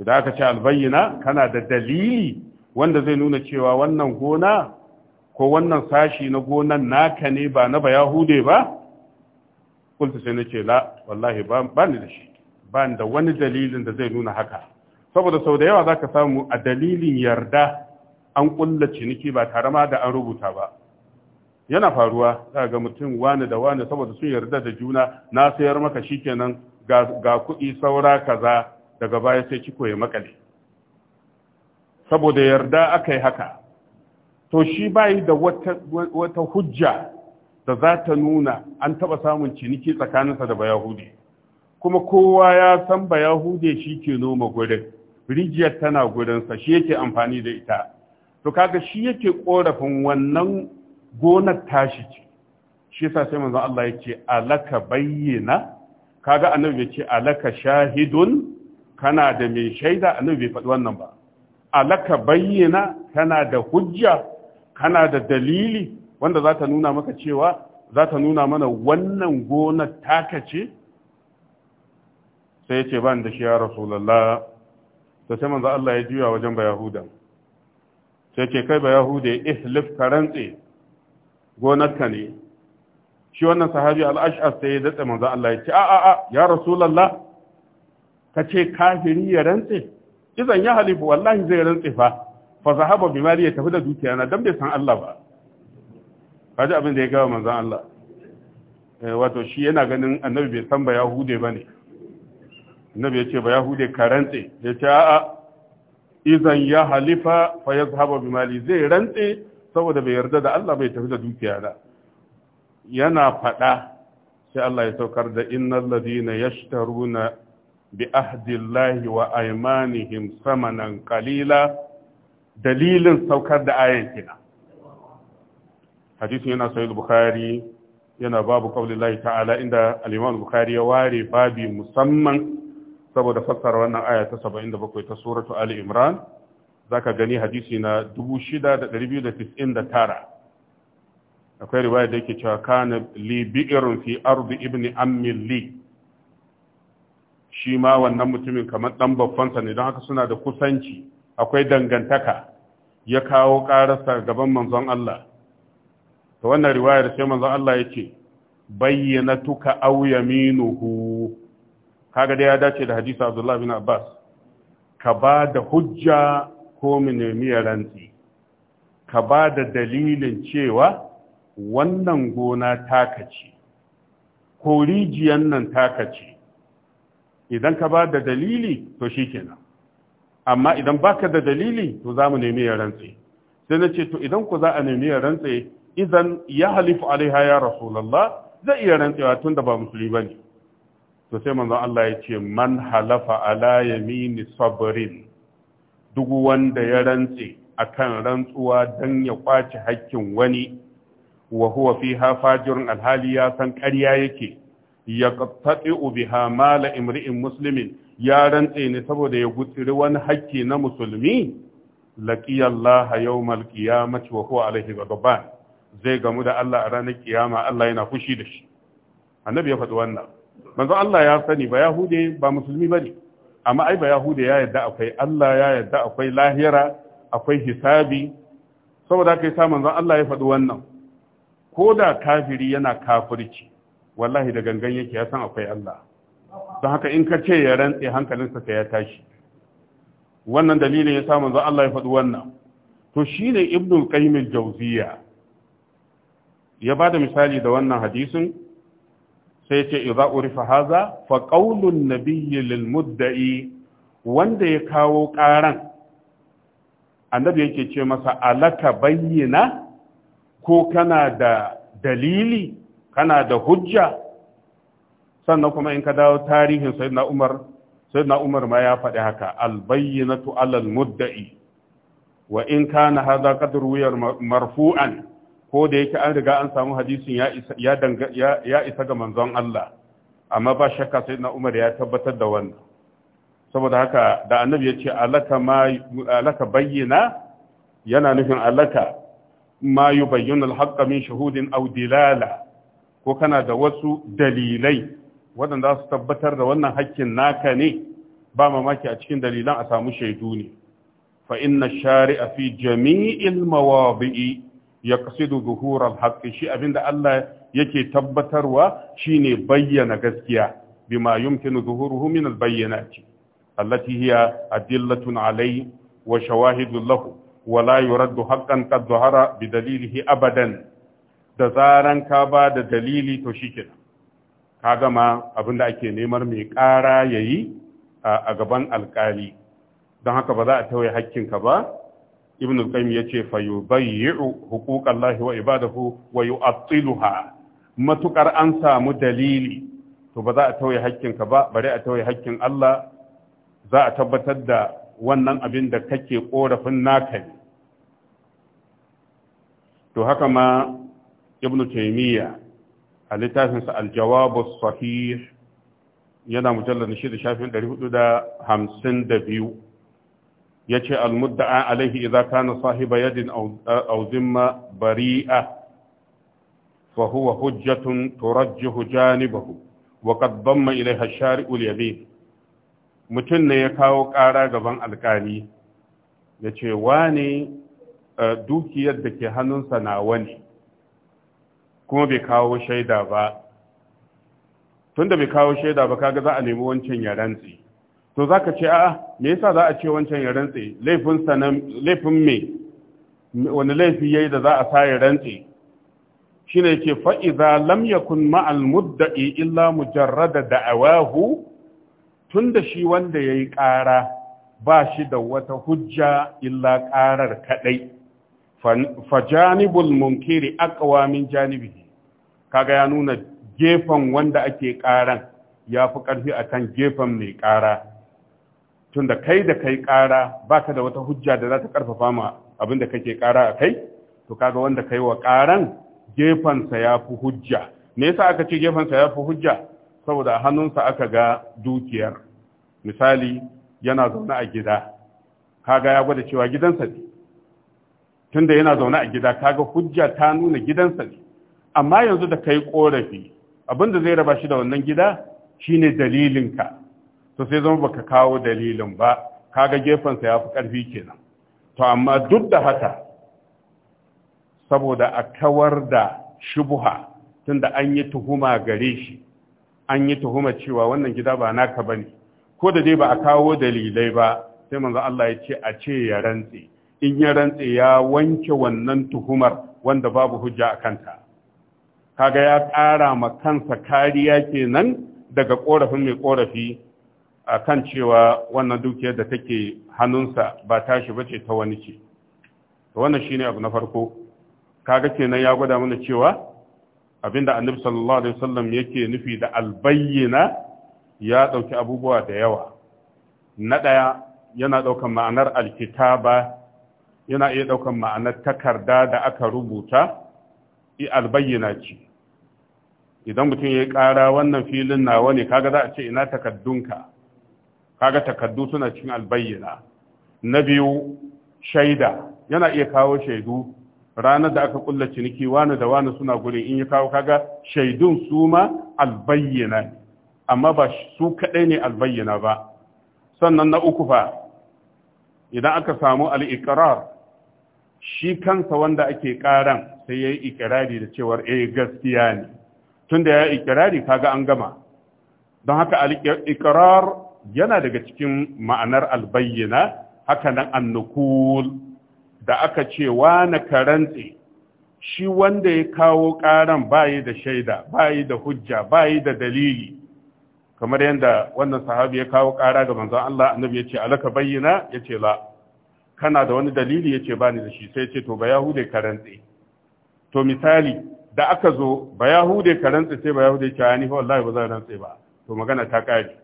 Speaker 1: idan aka ce albayyana kana da dalili wanda zai nuna cewa wannan gona ko wannan sashi na gonan naka ne ba na ba yahude ba kulta sai na ce la wallahi ba ni da shi ba da wani dalilin da zai nuna haka saboda sau da yawa za ka samu a dalilin yarda an kulla ciniki ba tare ma da an rubuta ba yana faruwa za ga mutum wani da wani saboda sun yarda da juna na sayar maka shi shikenan ga kuɗi saura kaza daga baya sai ciko ya makale saboda yarda aka yi haka to shi bai da wata hujja da za ta nuna an taɓa samun ciniki tsakaninsa da bayahudi kuma kowa ya san bayahudi shi ke noma gurin rijiyar tana gurinsa shi yake amfani da ita to kaga shi yake korafin wannan gonar tashi ce shi yasa sai manzon Allah yake alaka bayyana kaga annabi ya ce alaka shahidun kana da mai shaida annabi bai faɗi wannan ba alaka bayyana kana da hujja kana da dalili wanda za ta nuna maka cewa za ta nuna mana wannan gonar taka ce sai ya ce ban da shi ya rasulallah da sai manzo Allah ya juya wajen ba yahudan sai ce kai ba yahude ihlif karantse ka ne shi wannan sahabi al-ash'as sai ya datse manzo Allah ya ce a a a ya rasulallah ka ce kafiri ya rantse idan ya halifu wallahi zai rantse fa fa zahaba bi mali ya tafi da dukiya na dan bai san Allah ba kaji abin da ya gawa manzon Allah eh, wato shi yana ganin annabi bai san ba yahude bane annabi ya ce ba yahude ka rantse ya ce a'a idan ya halifa fa yazhaba bi mali zai rantse saboda bai yarda da Allah bai tafi da dukiya na yana fada sai Allah ya saukar da innal ladina yashtaruna bi ahdillahi wa aymanihim samanan qalila dalilin saukar da ayan hadisin yana sahih bukhari yana babu qaulillahi ta'ala inda al-imam bukhari ya ware babi musamman saboda fassara wannan aya ta 77 ta suratu ali imran zaka gani hadisi na 6299 akwai riwaya da yake cewa kana li fi ardi ibni ammi shi ma wannan mutumin kamar ɗan babbansa ne don haka suna da kusanci akwai dangantaka ya kawo ƙararsa gaban manzon Allah ta wannan riwayar sai manzon Allah ya ce bayyana tuka auyaminu. yaminuhu kaga dai ya dace da hadisi Abdullah bin Abbas ka ba da hujja ko minemiyar rantsi ka ba da dalilin cewa wannan gona taka ko rijiyan nan taka ce idan ka ba da dalili to kenan, amma idan baka da dalili to za mu nemi ya rantse sai na ce to idan ku za a nemi ya rantse idan ya halifu alaiha ya rasulullah zai iya rantsewa tun da ba musulmi bane to sai manzon Allah ya ce man halafa ala yamini sabrin duk wanda ya rantse akan rantsuwa dan ya kwace hakkin wani wa huwa fiha fajirun alhali ya san ƙarya yake ya qattati biha mala imri'in muslimin ya rantse ne saboda ya gutsiri wani hakki na musulmi laqiya Allah yawmal qiyamati wa huwa alaihi ghadban zai gamu da Allah a ranar kiyama Allah yana fushi da shi annabi ya faɗi wannan manzo Allah ya sani ba yahude ba musulmi bane amma ai ba yahude ya yadda akwai Allah ya yadda akwai lahira akwai hisabi saboda kai sa manzo Allah ya faɗi wannan ko da kafiri yana kafirci wallahi da gangan yake ya san akwai Allah don haka in ka ce ya rantse hankalinsa ka ya tashi wannan dalilin ya samu za Allah ya faɗi wannan to shine ne qayyim al-jawziya ya bada misali da wannan hadisin sai ce idza urifa haza fa qaulun nabiyyi lil mudda'i wanda ya kawo ƙaran annabi yake ce masa alaka bayyina ko kana da dalili kana da hujja sannan kuma in ka dawo tarihin sayyidina Umar sayyidina Umar ma ya faɗi haka albayyinatu alal mudda'i wa in kana hadha qadru wiyar marfu'an ko da yake an riga an samu hadisin ya isa ya danga ya isa ga manzon Allah amma ba shakka sayyidina Umar ya tabbatar da wannan saboda haka da annabi ya ce alaka ma alaka yana nufin alaka ma yubayyinu al min shahudin aw dilala ko kana da wasu dalilai waɗanda su tabbatar da wannan hakkin naka ne ba mamaki a cikin dalilan a samu shaidu ne fa inna shari'a fi jami'il mawadi'i yaqsidu zuhur al-haqqi shi abinda Allah yake tabbatarwa shine bayyana gaskiya bima yumkinu zuhuruhu min al-bayyinati allati hiya adillatun alayhi wa shawahidun lahu wa la yuraddu haqqan qad dhahara dalilihi abadan da zaran ka ba da dalili to shi kenan ka gama abin da ake neman mai ƙara ya yi a gaban alƙali don haka ba za a tauye hakkinka ba ibn al-qayyim yace fa yubayyi'u huquqallahi wa ibadahu wa yu'attiluha matukar an samu dalili to ba za a tauye hakkinka ba bare a tawaye hakkin Allah za a tabbatar da wannan abin da kake korafin naka ne to haka ma ibn taymiya a littafinsa aljawabu sahih yana mujallar na shida shafin biyu. ya ce almudda'a alaihi idza kana sahiba yadin aw zimma bari'a fa huwa hujjatun turajjihu janibahu wa qad damma ilaiha shari'u al-yamin mutum ne ya kawo ƙara gaban alkali ya ce wane eh, dukiyar da ke hannunsa na wani. kuma bai kawo shaida ba tunda bai kawo shaida ba kaga za a nemi wancan ya rantse to zaka ce a'a me yasa za a ce wancan ya rantse laifin sanan laifin me wani laifi yayi da za a sa ya rantse shine yake fa idza lam yakun ma'al mudda'i illa mujarrada da'awahu tunda shi wanda yayi ƙara ba shi da wata hujja illa ƙarar kaɗai. fa janibul munkiri aqwa min janibihi kaga ya nuna gefen wanda ake karan ya fi karfi akan gefen mai ƙara. tunda kai da kai ba baka da wata hujja da za ta ƙarfafa ma abin da kake kara a kai to kaga wanda kai wa karan gefensa ya fi hujja me yasa aka ce gefensa ya fi hujja saboda hannunsa aka ga dukiyar misali yana zaune a gida kaga ya gwada cewa gidansa ne tunda yana zaune a gida kaga hujja ta nuna gidansa ne amma yanzu da kai korafi abinda zai raba shi da wannan gida shine dalilinka to sai zama baka kawo dalilin ba kaga gefensa ya fi ƙarfi kenan to amma duk da haka saboda a kawar da shubuha tunda an yi tuhuma gare shi an yi tuhuma cewa wannan gida ba naka bane ko da dai ba a kawo dalilai ba sai manzo Allah ya ce a ce ya rantse in ya rantse ya wanke wannan tuhumar wanda babu hujja a kanta kaga ya ƙara ma kansa kariya kenan daga ƙorafin mai ƙorafi a kan cewa wannan dukiyar da take hannunsa ba tashi bace ta wani ce wannan shine abu na farko kaga kenan ya gwada mana cewa abinda annabi sallallahu alaihi wasallam yake nufi da albayyana ya dauki abubuwa da yawa na daya yana daukan ma'anar alkitaba yana iya ɗaukan ma'anar takarda da aka rubuta i albayyana ce idan mutum ya yi ƙara wannan filin nawa ne kaga za a ce ina takaddunka kaga takaddu suna cikin albayyana na biyu shaida yana iya kawo shaidu ranar da aka kulla ciniki wani da wani suna gurin in ya kawo kaga shaidun su ma albayyana amma ba su kaɗai ne albayyana ba sannan na uku fa idan aka samu al'iƙarar shi kansa wanda ake ƙaran sai ya yi ikirari da cewar eh gaskiya ne tunda ya yi ikirari kaga an gama don haka ikirar yana daga cikin ma'anar albayyana haka nan annukul da aka ce na karanti shi wanda ya kawo karan bayi da shaida bayi da hujja bayi da dalili kamar yadda wannan sahabi ya kawo ƙara ga manzon Allah annabi ya ce alaka bayyana ya ce la kana da wani dalili yace bani da shi sai ce to ba yahude karantsi to misali da aka zo ba yahude karantsi sai ba yahude ce ni fa wallahi ba zan rantse ba to magana ta kare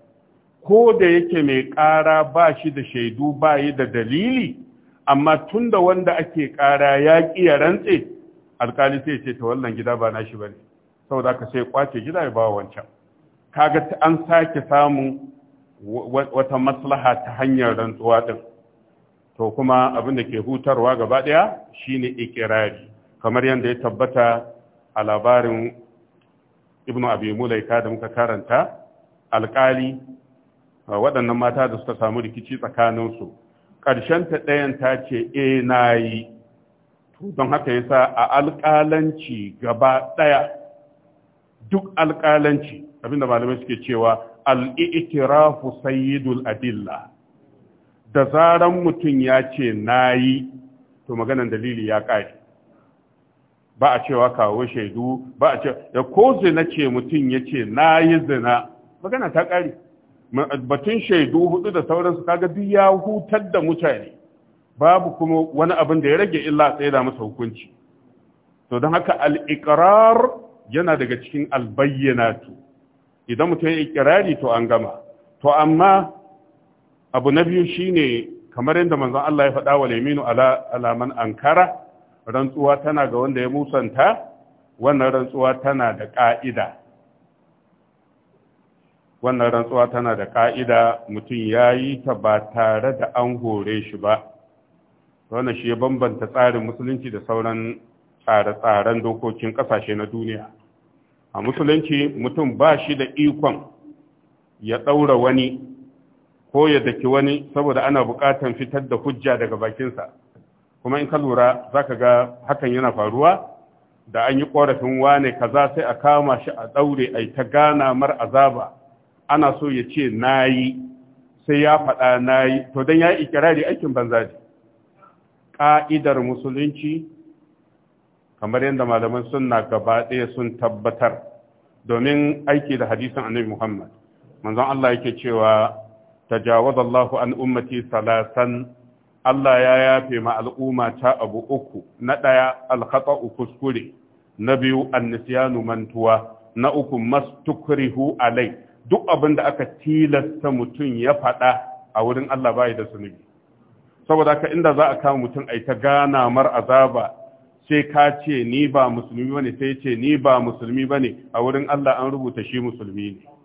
Speaker 1: ko da yake mai kara ba shi da shaidu ba yi da dalili amma tunda wanda ake kara ya ki ya rantsi alkali sai ce ta wannan gida ba nashi bane saboda ka sai kwace gida ya ba wancan kaga an sake samun wata maslaha ta hanyar rantsuwa din to kuma abin da ke hutarwa gaba ɗaya shine ikirari kamar yadda ya tabbata a labarin ibn abi mulaika da muka karanta alkali, waɗannan mata da suka samu rikici tsakaninsu ƙarshen ta ɗayan ta ce e na yi don haka ya sa a alƙalanci gaba ɗaya duk alƙalanci abinda malamai suke cewa al'i'itirafu sayyidul adilla da zaran mutum ya ce na yi to maganan dalili ya ƙari ba a cewa kawo shaidu ba a cewa da ko zina ce mutum ya ce na yi zina magana ta ƙari batun shaidu hudu da sauransu kaga duk ya hutar da mutane babu kuma wani abin da ya rage illa tsaye da masa hukunci to don haka al'iƙirar yana daga cikin albayyana tu. idan mutum ya ikirari to an gama to amma abu na biyu shine kamar yadda manzon Allah ya faɗa wa laminu alaman ankara rantsuwa tana ga wanda ya musanta wannan rantsuwa tana da ƙa'ida. wannan rantsuwa tana da ƙa'ida. mutum ya yi ta ba tare da an hore shi ba wannan shi ya bambanta tsarin musulunci da sauran tsare-tsaren dokokin ƙasashe na duniya a musulunci mutum ba shi da ikon ya ɗaura wani ko ya daki wani saboda ana buƙatan fitar da hujja daga bakinsa kuma in ka lura za ka ga hakan yana faruwa da an yi ƙorafin wane kaza sai a kama shi a daure a ta gana mar azaba ana so ya ce na yi sai ya faɗa na yi to don ya yi ikirari aikin banza ne ƙa'idar musulunci kamar yadda malaman sunna gaba ɗaya sun tabbatar domin aiki da hadisin annabi muhammad manzon allah yake cewa tajawaza Allah an ummati salasan Allah ya yafe ma al'umma ta abu uku na ɗaya alkhata'u kuskure na biyu annisiyanu mantuwa na uku mastukrihu alai duk abin da aka tilasta mutum ya faɗa a wurin Allah bai da zunubi saboda haka inda za a kama mutum ai ta gana mar azaba sai ka ce ni ba musulmi bane sai ce ni ba musulmi bane a wurin Allah an rubuta shi musulmi ne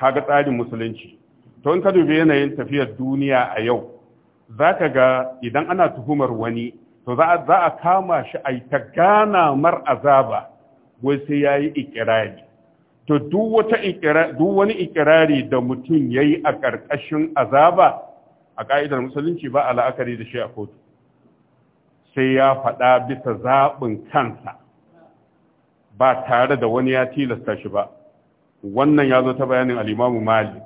Speaker 1: kaga tsarin musulunci to in ka dubi yanayin tafiyar duniya a yau za ka ga idan ana tuhumar wani to za a kama shi a ta gana mar azaba wai sai ya yi ikirari to duk wani ikirari da mutum ya yi a ƙarƙashin azaba a ƙa'idar musulunci ba a la'akari da shi a kotu sai ya faɗa bisa zaɓin kansa ba tare da wani ya tilasta shi ba wannan ya zo ta bayanin al'imamu mali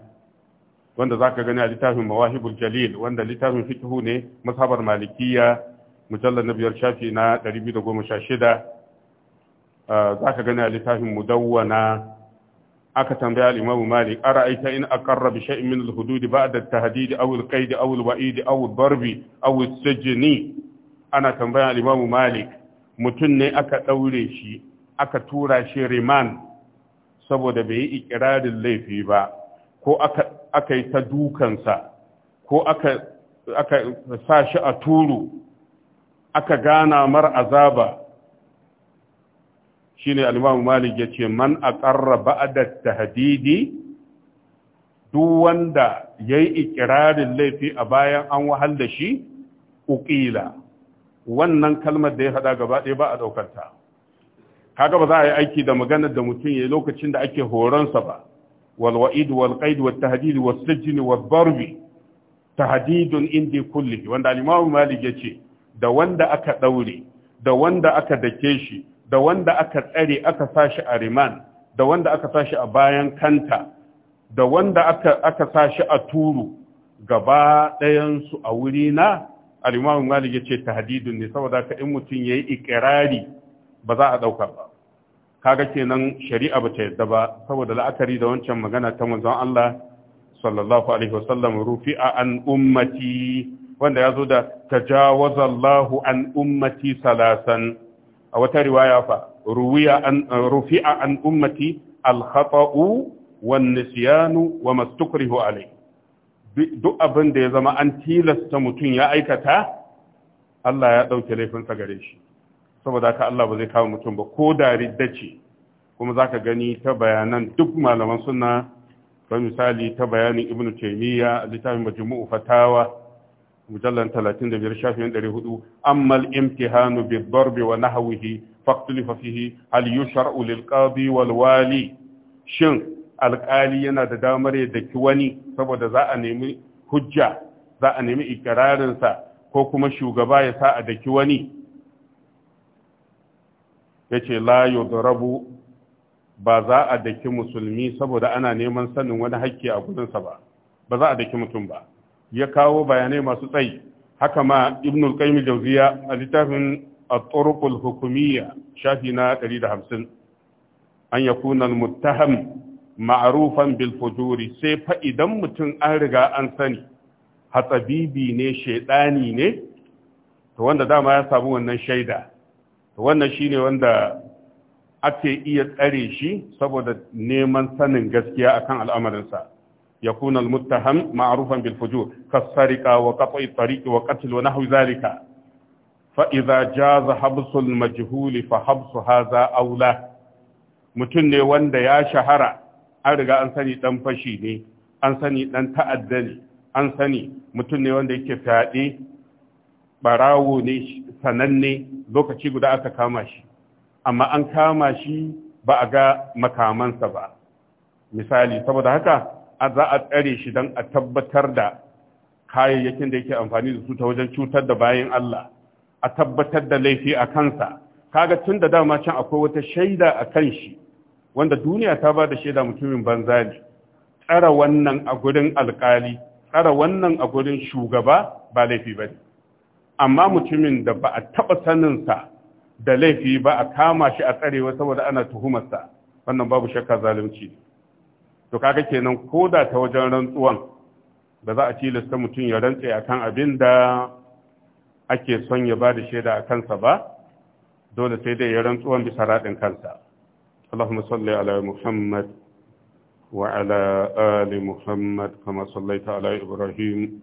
Speaker 1: wanda za ka gani a littafin mawahibul jalil wanda littafin fikihu ne mashabar malikiya mujallar na biyar shafi na 216 ah, za ka gani a littafin mudawwana aka tambaya al'imamu mali a ra'aita in a karra bi sha'in min hududi ba da tahdidi awul kaidi awul wa'idi awul barbi awul sejini ana tambaya al'imamu malik mutum ne aka ɗaure shi aka tura shi riman saboda bai yi ikirarin laifi ba ko aka yi ta dukansa ko aka sa shi a turu aka gana mar azaba shi ne alimamu malik ya ce man a ƙarra ba'adar tahadidi duk wanda ya yi ikirarin laifi a bayan an wahal da shi uƙila wannan kalmar da ya faɗa gaba ɗaya ba a ɗaukarta kaga ba za a yi aiki da maganar da mutum ya lokacin da ake horonsa ba wal wa'id wal qaid wat tahdid was sijn wal darb tahdidun indi kulli wanda al-imam malik yace da wanda aka daure da wanda aka dake shi da wanda aka tsare aka sashi a riman da wanda aka sashi a bayan kanta da wanda aka aka sashi a turu gaba ɗayan su a wuri na al-imam malik yace tahdidun ne saboda ka in mutum yayi ikirari. ba za a ɗauka ba kaga kenan shari'a ba ta yadda ba saboda la'akari da wancan magana ta manzon Allah sallallahu alaihi wasallam rufi'a an ummati wanda ya zo da tajawaza Allahu an ummati salasan a wata riwaya fa ruwiya an rufi'a an ummati al khata'u wan nisyanu wa mastukrihu alai duk abin da ya zama an tilasta mutum ya aikata Allah ya ɗauke laifinsa gare shi saboda haka Allah ba zai kawo mutum ba ko dari dace kuma za ka gani ta bayanan duk malaman suna, ba misali ta bayanin ibnu taymiya a littafin majmu'u fatawa mujallan 35 shafin 400 amma al-imtihanu bid darbi wa nahwihi faqtulifa fihi hal yushra'u lil-qadi wal-wali shin alƙali yana da damar ya daki wani saboda za a nemi hujja za a nemi ikirarinsa ko kuma shugaba ya sa a daki wani ya ce layo da rabu ba za a daki musulmi saboda ana neman sanin wani hakki a gudunsa ba ba za a daki mutum ba ya kawo bayanai masu tsayi haka ma ibnu alƙaimi jauziya a littafin atorukul hukumiyya shafi na hamsin an ya kunan muttaham ma'arufan bil fujuri sai fa idan mutum an riga an sani hatsabibi ne shaidani ne to wanda dama ya samu wannan shaida wannan ne wanda ake iya tsare shi saboda neman sanin gaskiya akan al'amarinsa yakuna almuttaham ma'arufan bil fujur kasarika wa qat'i tariqi wa qatl wa nahwi zalika fa idza jaza habsul al majhuli fa habsu hadha aula Mutum ne wanda ya shahara an riga an sani dan fashi ne an sani dan ta'adda ne an sani mutum ne wanda yake fyaɗe barawo ne sananne lokaci guda aka kama shi amma an kama shi ba a ga makamansa ba misali saboda haka a za a tsare shi don a tabbatar da kayayyakin da yake amfani da su ta wajen cutar da bayan Allah a tabbatar da laifi a kansa kaga tun da dama can akwai wata shaida a kan shi wanda duniya ta ba da shaida mutumin banza ne tsara wannan a gurin alkali tsara wannan a gurin shugaba ba laifi ba ne amma mutumin da ba a taɓa saninsa da laifi ba a kama shi a tsarewa saboda ana tuhumarsa wannan babu shakka zalunci to kaga kenan ko da ta wajen rantsuwan da za a tilasta mutum ya rantse akan abin da ake son ya ba da shaida a kansa ba dole sai dai ya rantsuwan bisa raɗin kansa اللهم صل على محمد وعلى آل محمد كما صليت على إبراهيم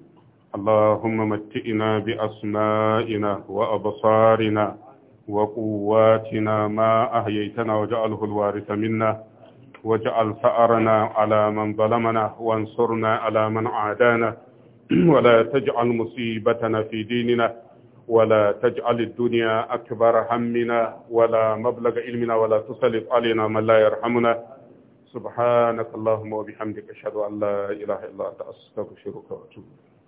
Speaker 1: اللهم متئنا بأسمائنا وأبصارنا وقواتنا ما أهيتنا وجعله الوارث منا وجعل فأرنا على من ظلمنا وانصرنا على من عادانا ولا تجعل مصيبتنا في ديننا ولا تجعل الدنيا أكبر همنا ولا مبلغ علمنا ولا تسلط علينا من لا يرحمنا سبحانك اللهم وبحمدك أشهد أن لا إله إلا أنت أستغفرك وأتوب إليك